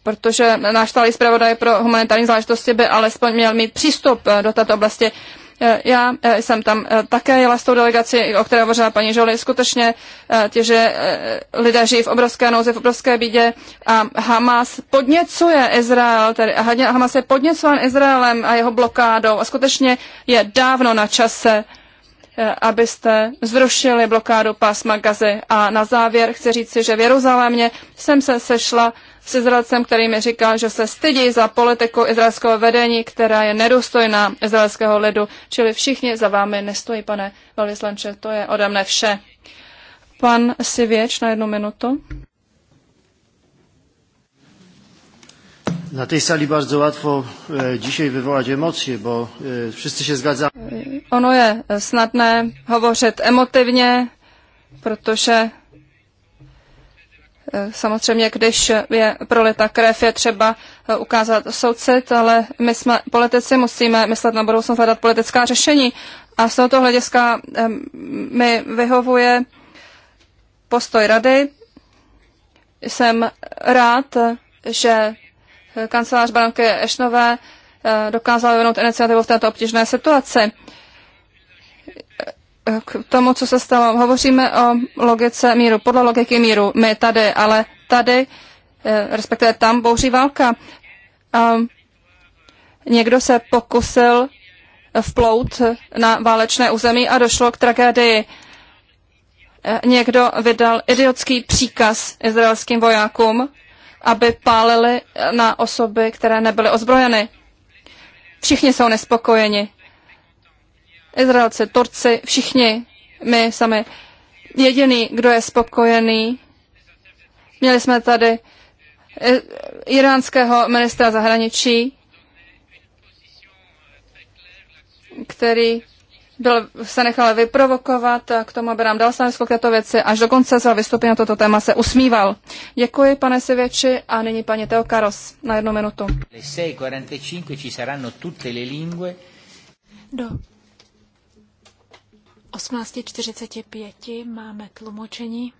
protože náš stálý zpravodaj pro humanitární záležitosti by alespoň měl mít přístup eh, do této oblasti. Eh, Já eh, jsem tam také jela s tou delegací, o které hovořila paní Žoli. Skutečně tě, že lidé žijí v obrovské nouze, v obrovské bídě a Hamas podněcuje Izrael, tedy a Hamas je podněcován Izraelem a jeho blokádou a skutečně je dávno na čase, abyste zrušili blokádu pásma Gazy. A na závěr chci říci, že v Jeruzalémě jsem se sešla s Izraelcem, který mi říkal, že se stydí za politiku izraelského vedení, která je nedůstojná izraelského lidu. Čili všichni za vámi nestojí, pane velvyslanče. To je ode mne vše. Pan Sivěč na jednu minutu. Na tej sali bardzo łatwo e, dzisiaj wywołać emocje, bo e, wszyscy się zgadzamy. Ono je e, snadne hovořet emotywnie, protože samozřejmě, když je proleta krev, je třeba ukázat soucit, ale my jsme politici musíme myslet na budoucnost, hledat politická řešení. A z tohoto hlediska mi vyhovuje postoj rady. Jsem rád, že kancelář baronky Ešnové eh, dokázala vyvinout iniciativu v této obtížné situaci. Eh, k tomu, co se stalo, hovoříme o logice míru, podle logiky míru, my tady, ale tady, eh, respektive tam, bouří válka. A někdo se pokusil vplout na válečné území a došlo k tragédii. Někdo vydal idiotský příkaz izraelským vojákům, aby pálili na osoby, které nebyly ozbrojeny. Všichni jsou nespokojeni. Izraelci, Turci, všichni, my sami. Jediný, kdo je spokojený, měli jsme tady eh, iránského ministra zahraničí, který byl, se nechal vyprovokovat k tomu, aby nám dal stanovisko k této věci, až do konce svého vystoupení na toto téma se usmíval. Děkuji, pane Sivěči, a nyní paní Teo Karos na jednu minutu. Do 18.45 máme tlumočení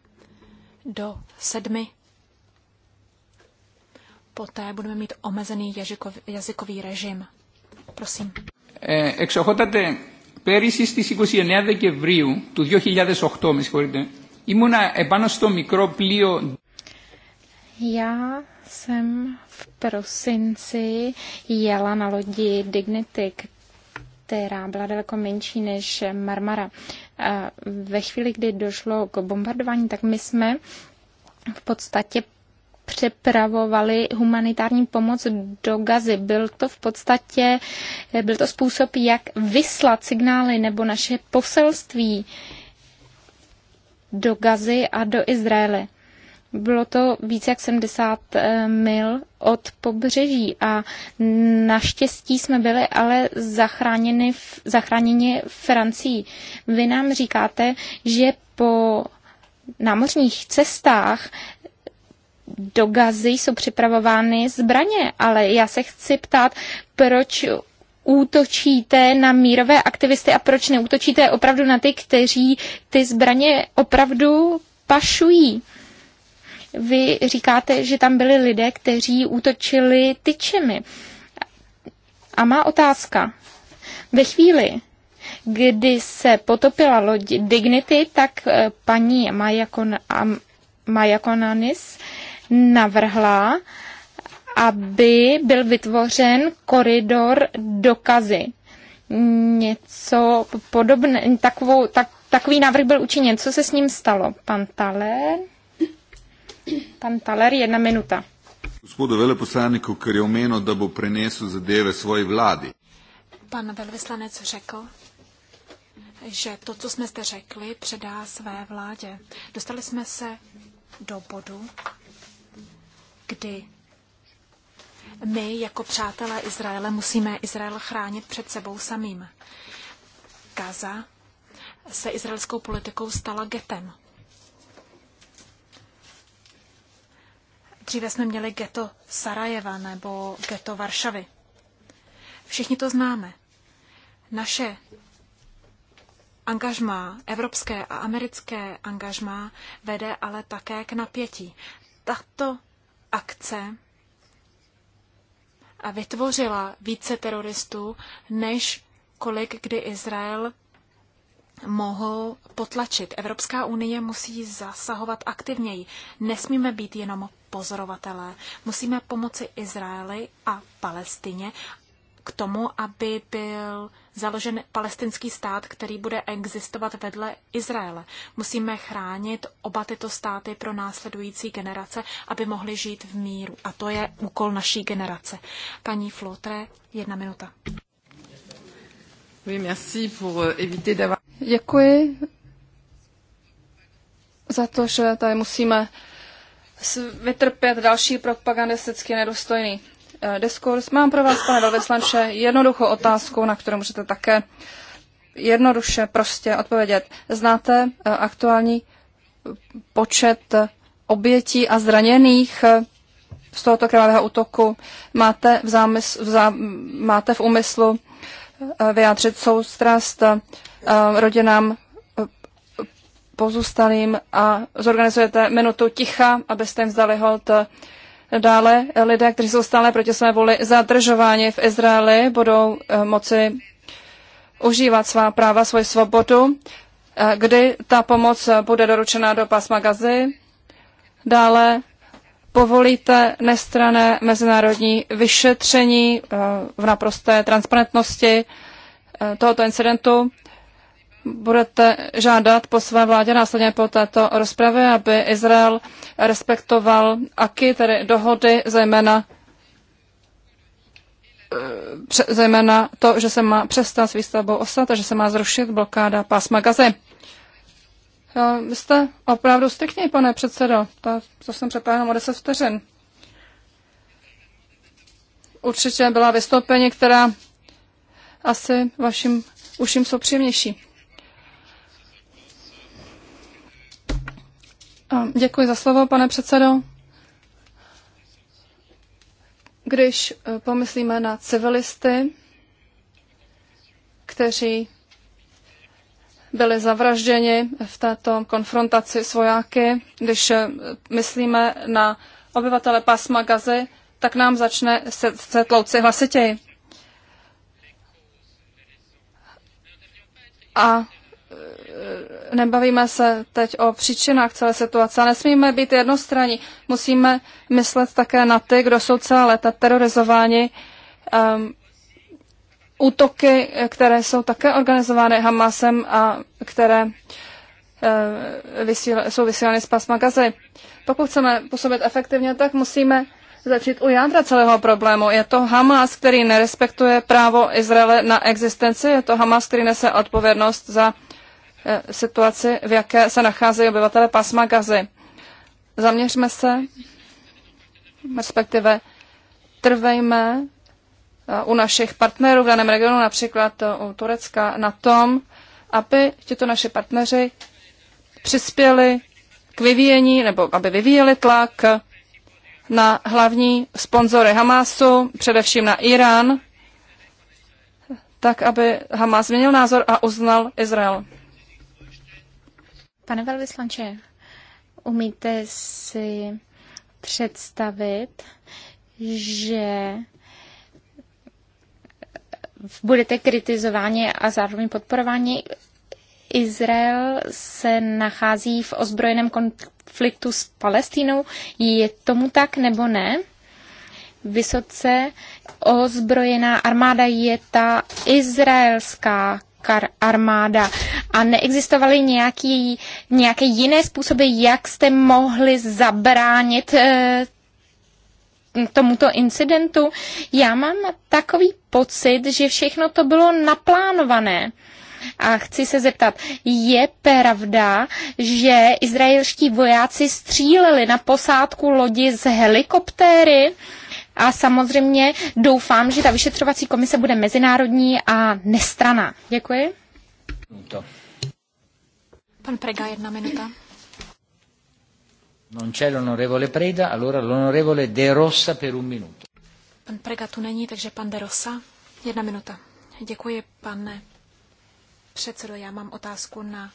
do sedmi. Poté budeme mít omezený jazykový, jazykový režim. Prosím. Eh, Πέρυσι στις 29 Δεκεμβρίου του 2008, με συγχωρείτε, ήμουνα επάνω στο μικρό πλοίο... Já jsem v prosinci jela na lodi Dignity, která byla daleko menší než Marmara. ve chvíli, kdy došlo k bombardování, tak my jsme v podstatě přepravovali humanitární pomoc do Gazy. Byl to v podstatě, byl to způsob, jak vyslat signály nebo naše poselství do Gazy a do Izraele. Bylo to více jak 70 eh, mil od pobřeží a naštěstí jsme byli ale zachráněni, zachráněni Francií. Vy nám říkáte, že po námořních cestách do Gazy jsou připravovány zbraně, ale já se chci ptát, proč útočíte na mírové aktivisty a proč neútočíte opravdu na ty, kteří ty zbraně opravdu pašují. Vy říkáte, že tam byli lidé, kteří útočili tyčemi. A má otázka. Ve chvíli, kdy se potopila loď Dignity, tak eh, paní Majakon, Majakonanis navrhla, aby byl vytvořen koridor dokazy. Něco podobné, takovou, tak, takový návrh byl učiněn. Co se s ním stalo? Pan Taler? Pan Taler, jedna minuta. Gospodu veleposlaniku, který omenil, da bo za zadeve svoji vlády. Pan velvyslanec řekl, že to, co jsme zde řekli, předá své vládě. Dostali jsme se do bodu, kdy my jako přátelé Izraele musíme Izrael chránit před sebou samým. Gaza se izraelskou politikou stala getem. Dříve jsme měli geto Sarajeva nebo geto Varšavy. Všichni to známe. Naše angažmá, evropské a americké angažmá, vede ale také k napětí. Tato akce a vytvořila více teroristů, než kolik kdy Izrael mohl potlačit. Evropská unie musí zasahovat aktivněji. Nesmíme být jenom pozorovatelé. Musíme pomoci Izraeli a Palestině, k tomu, aby byl založen palestinský stát, který bude existovat vedle Izraele. Musíme chránit oba tyto státy pro následující generace, aby mohly žít v míru. A to je úkol naší generace. Paní Flotre, jedna minuta. Euh, Děkuji za to, že tady musíme vytrpět další propagandistický nedostojný Eh, diskurs. Mám pro vás, pane velvyslanče, jednoduchou otázku, na kterou můžete také jednoduše prostě odpovědět. Znáte eh, aktuální počet obětí a zraněných eh, z tohoto krvavého útoku? Máte v, zámys, v, zá, máte v úmyslu vyjádřit soustrast rodinám pozůstalým a zorganizujete minutu ticha, abyste jim vzdali hold Dále lidé, kteří jsou stále proti své vůli zadržováni v Izraeli, budou eh, moci užívat svá práva, svoji svobodu, eh, kdy ta pomoc bude doručena do pasma Gazy. Dále povolíte nestrané mezinárodní vyšetření eh, v naprosté transparentnosti tohoto incidentu budete žádat po své vládě následně po této rozpravě, aby Izrael respektoval aky, tedy dohody, zejména eh, zejména to, že se má přestat s výstavbou osad a že se má zrušit blokáda pásma Gazy. Eh, vy jste opravdu stykní, pane předsedo. To, to jsem přepáhnul o 10 vteřin. Určitě byla vystoupení, která asi vašim uším jsou příjemnější. Děkuji za slovo, pane předsedo. Když eh, pomyslíme na civilisty, kteří byli zavražděni v této konfrontaci s vojáky, když eh, myslíme na obyvatele pásma Gazy, tak nám začne se, se tlouci hlasitěji. A nebavíme se teď o příčinách celé situace. Nesmíme být jednostranní. Musíme myslet také na ty, kdo jsou celá léta terorizováni um, útoky, které jsou také organizovány Hamasem a které uh, jsou vysílány z pasma gazy. Pokud chceme působit efektivně, tak musíme začít u jádra celého problému. Je to Hamas, který nerespektuje právo Izraele na existenci, je to Hamas, který nese odpovědnost za Eh, situaci, v jaké se nacházejí obyvatele pásma Gazy. Zaměřme se, respektive trvejme eh, u našich partnerů v daném regionu, například eh, u Turecka, na tom, aby tyto naše partneři přispěli k vyvíjení nebo aby vyvíjeli tlak na hlavní sponzory Hamásu, především na Irán, tak aby Hamas změnil názor a uznal Izrael. Pane velvyslanče, umíte si představit, že budete kritizováni a zároveň podporováni. Izrael se nachází v ozbrojeném konfliktu s Palestínou. Je tomu tak nebo ne? Vysoce ozbrojená armáda je ta izraelská, kar- armáda a neexistovaly nějaký, nějaké jiné způsoby, jak jste mohli zabránit e, tomuto incidentu. Já mám takový pocit, že všechno to bylo naplánované. A chci se zeptat, je pravda, že izraelští vojáci stříleli na posádku lodi z helikoptéry? Uh, a samozřejmě doufám, že ta vyšetřovací komise bude mezinárodní a nestraná. Děkuji. To. Pan Prega, jedna minuta. Non c'è l'onorevole Preda, allora l'onorevole De Rossa per un minuto. Pan Prega tu není, takže pan De Rossa. Jedna minuta. Děkuji, pane předsedo. Já mám otázku na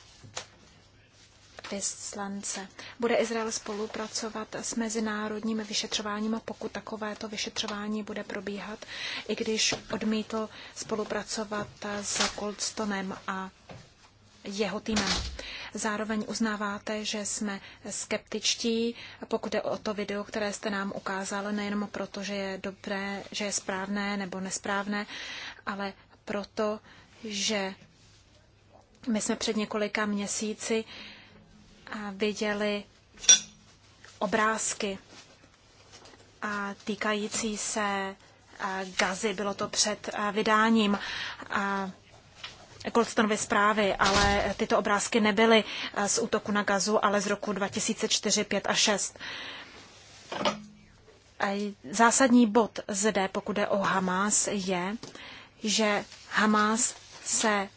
vyslance. Bude Izrael spolupracovat s mezinárodním vyšetřováním, pokud takovéto vyšetřování bude probíhat, i když odmítl spolupracovat s Goldstonem a jeho týmem. Zároveň uznáváte, že jsme skeptičtí, pokud je o to video, které jste nám ukázal, nejenom proto, že je dobré, že je správné nebo nesprávné, ale proto, že my jsme před několika měsíci viděli obrázky a týkající se gazy. Bylo to před vydáním Goldstonovy zprávy, ale tyto obrázky nebyly z útoku na gazu, ale z roku 2004, 5 a 6. Zásadní bod zde, pokud je o Hamas, je, že Hamas se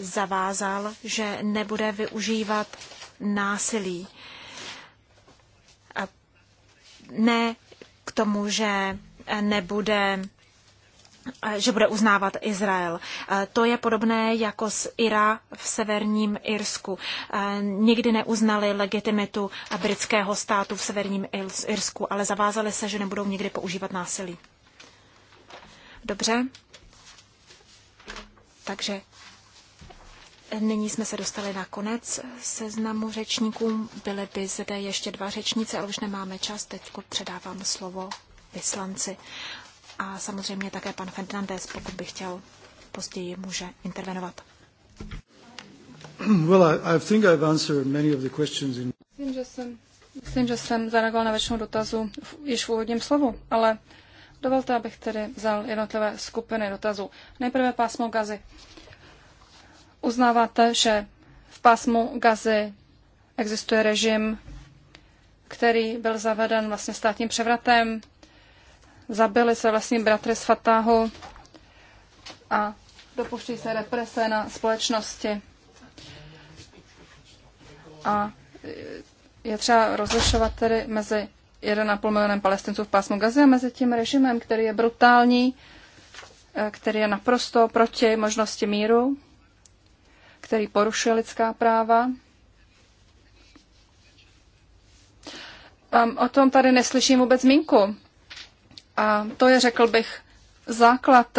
zavázal, že nebude využívat násilí. A ne k tomu, že nebude že bude uznávat Izrael. To je podobné jako s Ira v severním Irsku. Nikdy neuznali legitimitu britského státu v severním Irsku, ale zavázali se, že nebudou nikdy používat násilí. Dobře? Takže Nyní jsme se dostali na konec seznamu řečníků. Byly by zde ještě dva řečníci, ale už nemáme čas. Teď předávám slovo vyslanci. A samozřejmě také pan Fernandez, pokud by chtěl, později může intervenovat. Well, I, I think I've answered many of the questions in... Myslím, že jsem, myslím, že jsem zareagoval na většinu dotazů. v, již v úvodním slovu, ale dovolte, abych tedy vzal jednotlivé skupiny dotazů. Nejprve pásmo gazy. Uh, Uznáváte, že v pásmu Gazy existuje režim, který byl zaveden vlastně státním převratem. Zabili se vlastní bratry z Fatahu a dopuští se represe na společnosti. A je třeba rozlišovat tedy mezi 1,5 milionem palestinců v pásmu Gazy a mezi tím režimem, který je brutální, eh, který je naprosto proti možnosti míru, který porušuje lidská práva. o tom tady neslyším vůbec zmínku. A to je, řekl bych, základ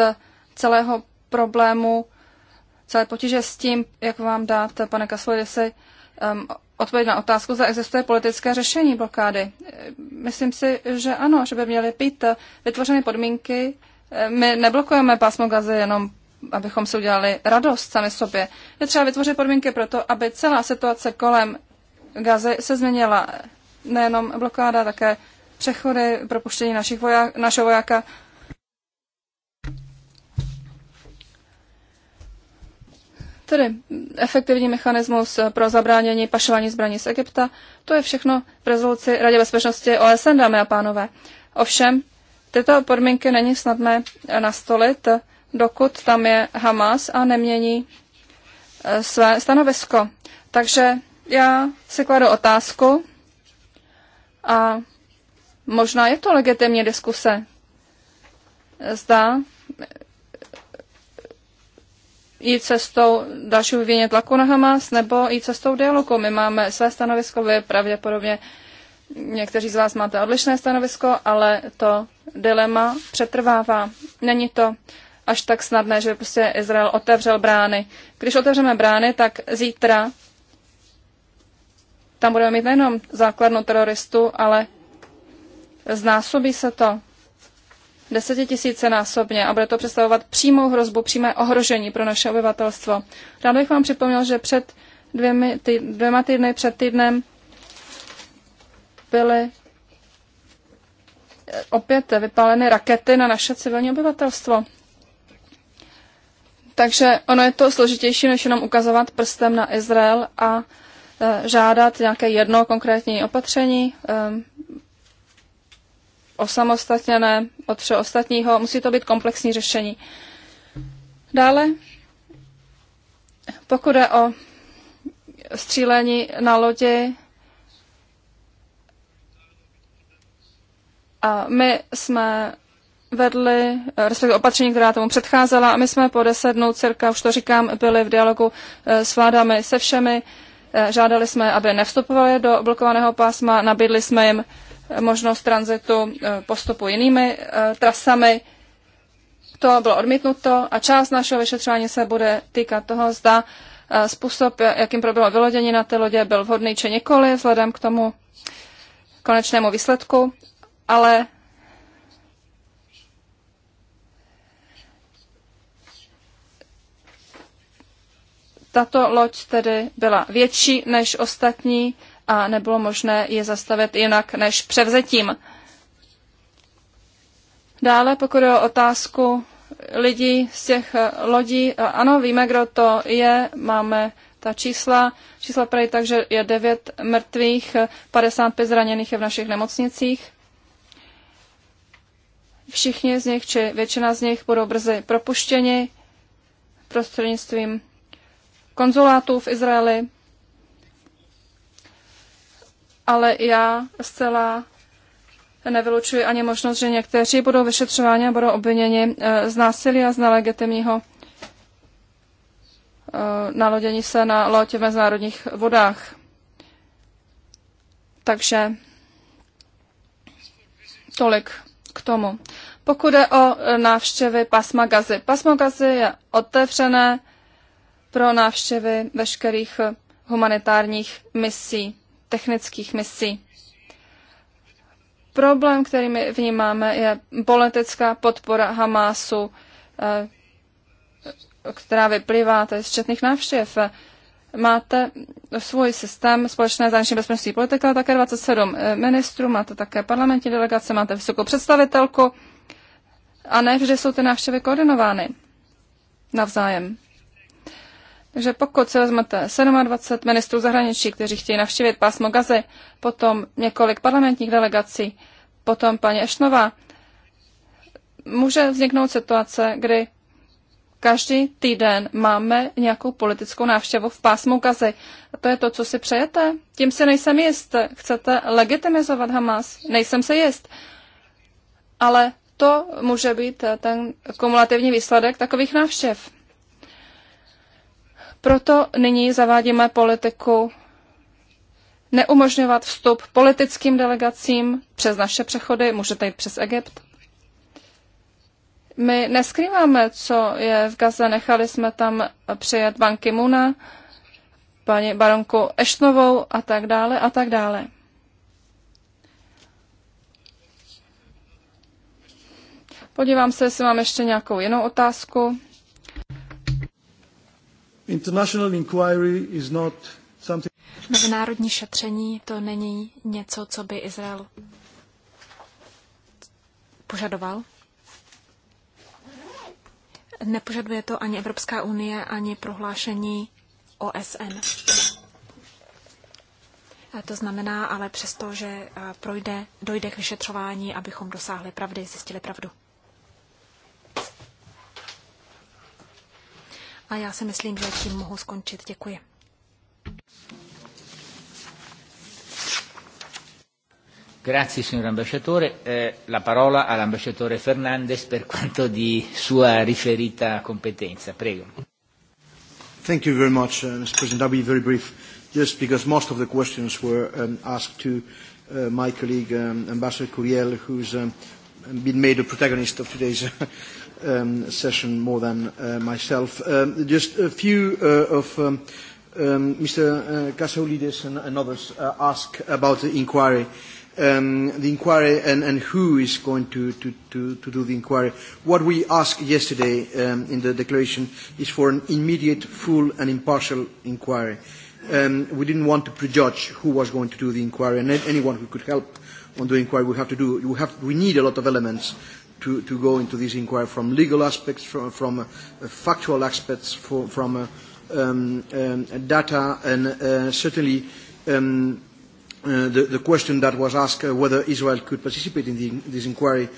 celého problému, celé potíže s tím, jak vám dát, pane Kasolidisi, um, odpověď na otázku, zda existuje politické řešení blokády. Myslím si, že ano, že by měly být vytvořeny podmínky. My neblokujeme pásmo gazy jenom abychom si udělali radost sami sobě. Je třeba vytvořit podmínky pro to, aby celá situace kolem Gazy se změnila. Nejenom blokáda, také přechody, propuštění našich voják, našeho vojáka. Tedy efektivní mechanismus pro zabránění pašování zbraní z Egypta, to je všechno v rezoluci Radě bezpečnosti OSN, dámy a pánové. Ovšem, tyto podmínky není snadné nastolit, dokud tam je Hamas a nemění e, své stanovisko. Takže já si kladu otázku a možná je to legitimní diskuse. Zdá e, jít cestou dalšího vyvíjení tlaku na Hamas nebo jít cestou dialogu. My máme své stanovisko, vy pravděpodobně někteří z vás máte odlišné stanovisko, ale to dilema přetrvává. Není to až tak snadné, že prostě Izrael otevřel brány. Když otevřeme brány, tak zítra tam budeme mít nejenom základnu teroristů, ale znásobí se to desetitisíce násobně a bude to představovat přímou hrozbu, přímé ohrožení pro naše obyvatelstvo. Rád bych vám připomněl, že před dvěmi, ty, dvěma týdny, před týdnem byly eh, opět vypáleny rakety na naše civilní obyvatelstvo. Takže ono je to složitější, než jenom ukazovat prstem na Izrael a e, žádat nějaké jedno konkrétní opatření, e, osamostatněné od všeho ostatního. Musí to být komplexní řešení. Dále, pokud je o střílení na lodi, a my jsme vedli, eh, respektive opatření, která tomu předcházela a my jsme po deset dnů cirka, už to říkám, byli v dialogu eh, s vládami se všemi. Eh, žádali jsme, aby nevstupovali do blokovaného pásma, nabídli jsme jim možnost tranzitu postupu jinými trasami. To bylo odmítnuto a část našeho vyšetřování se bude týkat toho, zda způsob, jakým proběhlo vylodění na té lodě, byl vhodný či nikoli, vzhledem k tomu konečnému výsledku, ale Tato loď tedy byla větší než ostatní a nebylo možné je zastavit jinak než převzetím. Dále, pokud je o otázku lidí z těch lodí, ano, víme, kdo to je, máme ta čísla. Čísla prají tak, že je 9 mrtvých, 55 zraněných je v našich nemocnicích. Všichni z nich, či většina z nich, budou brzy propuštěni prostřednictvím konzulátů v Izraeli, ale já zcela nevylučuji ani možnost, že někteří budou vyšetřováni a budou obviněni eh, z násilí a z nelegitimního eh, nalodění se na loď v mezinárodních vodách. Takže tolik k tomu. Pokud je o eh, návštěvy pasma Gazy. Pasmo Gazy je otevřené pro návštěvy veškerých humanitárních misí, technických misí. Problém, který my vnímáme, je politická podpora Hamásu, eh, která vyplývá z četných návštěv. Máte svůj systém společné zahraniční bezpečnostní politiky, ale také 27 eh, ministrů, máte také parlamentní delegace, máte vysokou představitelku a ne vždy jsou ty návštěvy koordinovány navzájem. Takže pokud si vezmete 27 ministrů zahraničí, kteří chtějí navštívit pásmo Gazy, potom několik parlamentních delegací, potom paní Ešnova, může vzniknout situace, kdy každý týden máme nějakou politickou návštěvu v pásmu Gazy. A to je to, co si přejete? Tím si nejsem jist. Chcete legitimizovat Hamas? Nejsem se jist. Ale to může být ten kumulativní výsledek takových návštěv. Proto nyní zavádíme politiku neumožňovat vstup politickým delegacím přes naše přechody, můžete jít přes Egypt. My neskrýváme, co je v Gaze, nechali jsme tam přijet banky Muna, paní baronku Eštnovou a tak dále a tak dále. Podívám se, jestli mám ještě nějakou jinou otázku. Mezinárodní šetření to není něco, co by Izrael požadoval. Nepožaduje to ani Evropská unie, ani prohlášení OSN. A to znamená ale přesto, že projde, dojde k vyšetřování, abychom dosáhli pravdy, zjistili pravdu. A já si myslím, že tím mohu skončit. Děkuji. Grazie signor ambasciatore. Eh, la parola all'ambasciatore Fernandez per quanto di sua riferita competenza. Prego. Thank you very much, uh, Mr. President. I'll be very brief, just because most of the questions were um, asked to uh, my colleague, um, Ambassador Curiel, who's um, been made a protagonist of today's um, session more than uh, myself. Um, just a few uh, of um, um, Mr. Uh, and, and others uh, ask about the inquiry. Um, the inquiry and, and who is going to, to, to, to do the inquiry. What we asked yesterday um, in the declaration is for an immediate, full and impartial inquiry. Um, we didn't want to prejudge who was going to do the inquiry and anyone who could help on the inquiry we have to do. We, have, we need a lot of elements to, to go into this inquiry from legal aspects, from, from uh, factual aspects, for, from uh, um, um, data, and uh, certainly um, uh, the, the question that was asked uh, whether Israel could participate in the, this inquiry,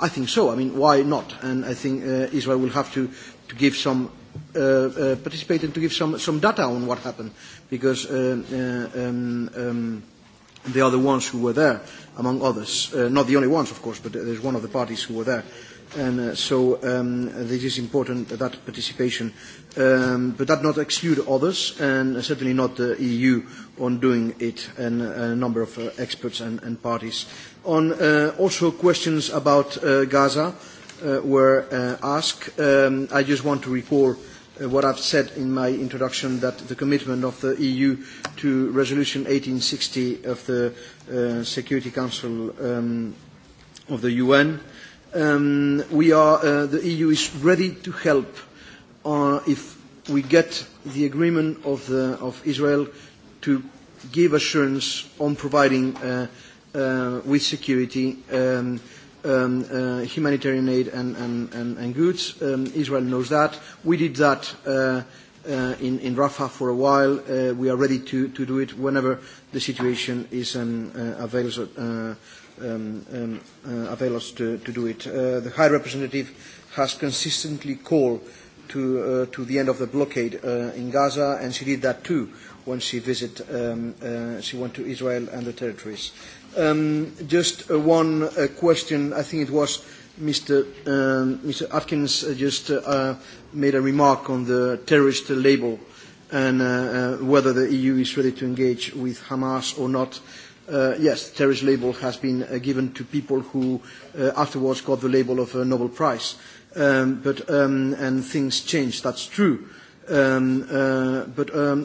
I think so. I mean, why not? And I think uh, Israel will have to, to give some uh, uh, participate and to give some, some data on what happened, because uh, uh, um, um, they are the ones who were there among others. Uh, not the only ones, of course, but there's one of the parties who were there. And uh, so um, this is important, that participation. Um, but that not exclude others, and certainly not the EU on doing it, and uh, a number of uh, experts and, and parties. On uh, also questions about uh, Gaza uh, were uh, asked. Um, I just want to recall uh, Uh, what I've said in my introduction that the commitment of the EU to Resolution 1860 of the uh, Security Council um, of the UN. Um, we are, uh, the EU is ready to help uh, if we get the agreement of, the, of Israel to give assurance on providing uh, uh, with security um, um, uh, humanitarian aid and, and, and, and goods. Um, Israel knows that. We did that uh, uh, in, in Rafah for a while. Uh, we are ready to, to do it whenever the situation is um, uh, uh, um, um, uh, avail us to, to do it. Uh, the High Representative has consistently called to, uh, to the end of the blockade uh, in Gaza, and she did that too when she visited, um, uh, she went to Israel and the territories. Um, just uh, one uh, question. I think it was Mr. Mr. Um, Atkins uh, just made a remark on the terrorist label and whether the EU is ready to engage with Hamas or not. yes, the terrorist label has been given to people who afterwards got the label of a Nobel Prize. Um, but, and things change, that's true. but on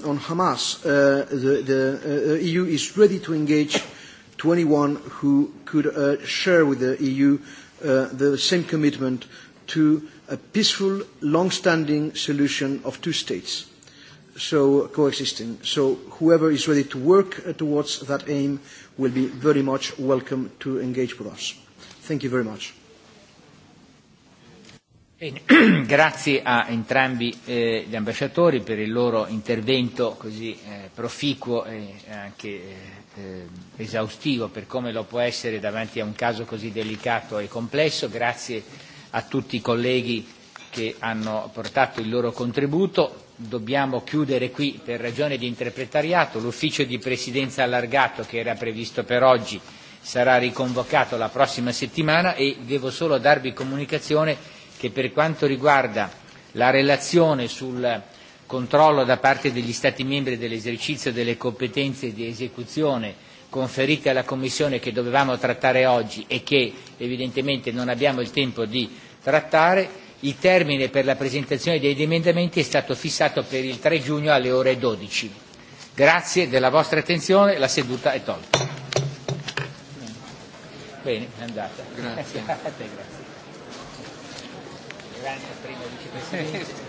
Hamas, the, EU e is ready to engage to anyone who could uh, share with the EU uh, the same commitment to a peaceful, long-standing solution of two states, so coexisting. So whoever is ready to work uh, towards that aim will be very much welcome to engage with us. Thank you very much. Grazie a entrambi eh, gli ambasciatori per il loro intervento così eh, proficuo e anche eh, eh, esaustivo per come lo può essere davanti a un caso così delicato e complesso. Grazie a tutti i colleghi che hanno portato il loro contributo. Dobbiamo chiudere qui per ragione di interpretariato. L'ufficio di presidenza allargato che era previsto per oggi sarà riconvocato la prossima settimana e devo solo darvi comunicazione che per quanto riguarda la relazione sul controllo da parte degli Stati membri dell'esercizio delle competenze di esecuzione conferite alla Commissione che dovevamo trattare oggi e che evidentemente non abbiamo il tempo di trattare, il termine per la presentazione degli emendamenti è stato fissato per il 3 giugno alle ore 12. Grazie della vostra attenzione, la seduta è tolta. Bene, è andata. Grazie. A te, grazie. primo vicepresidente.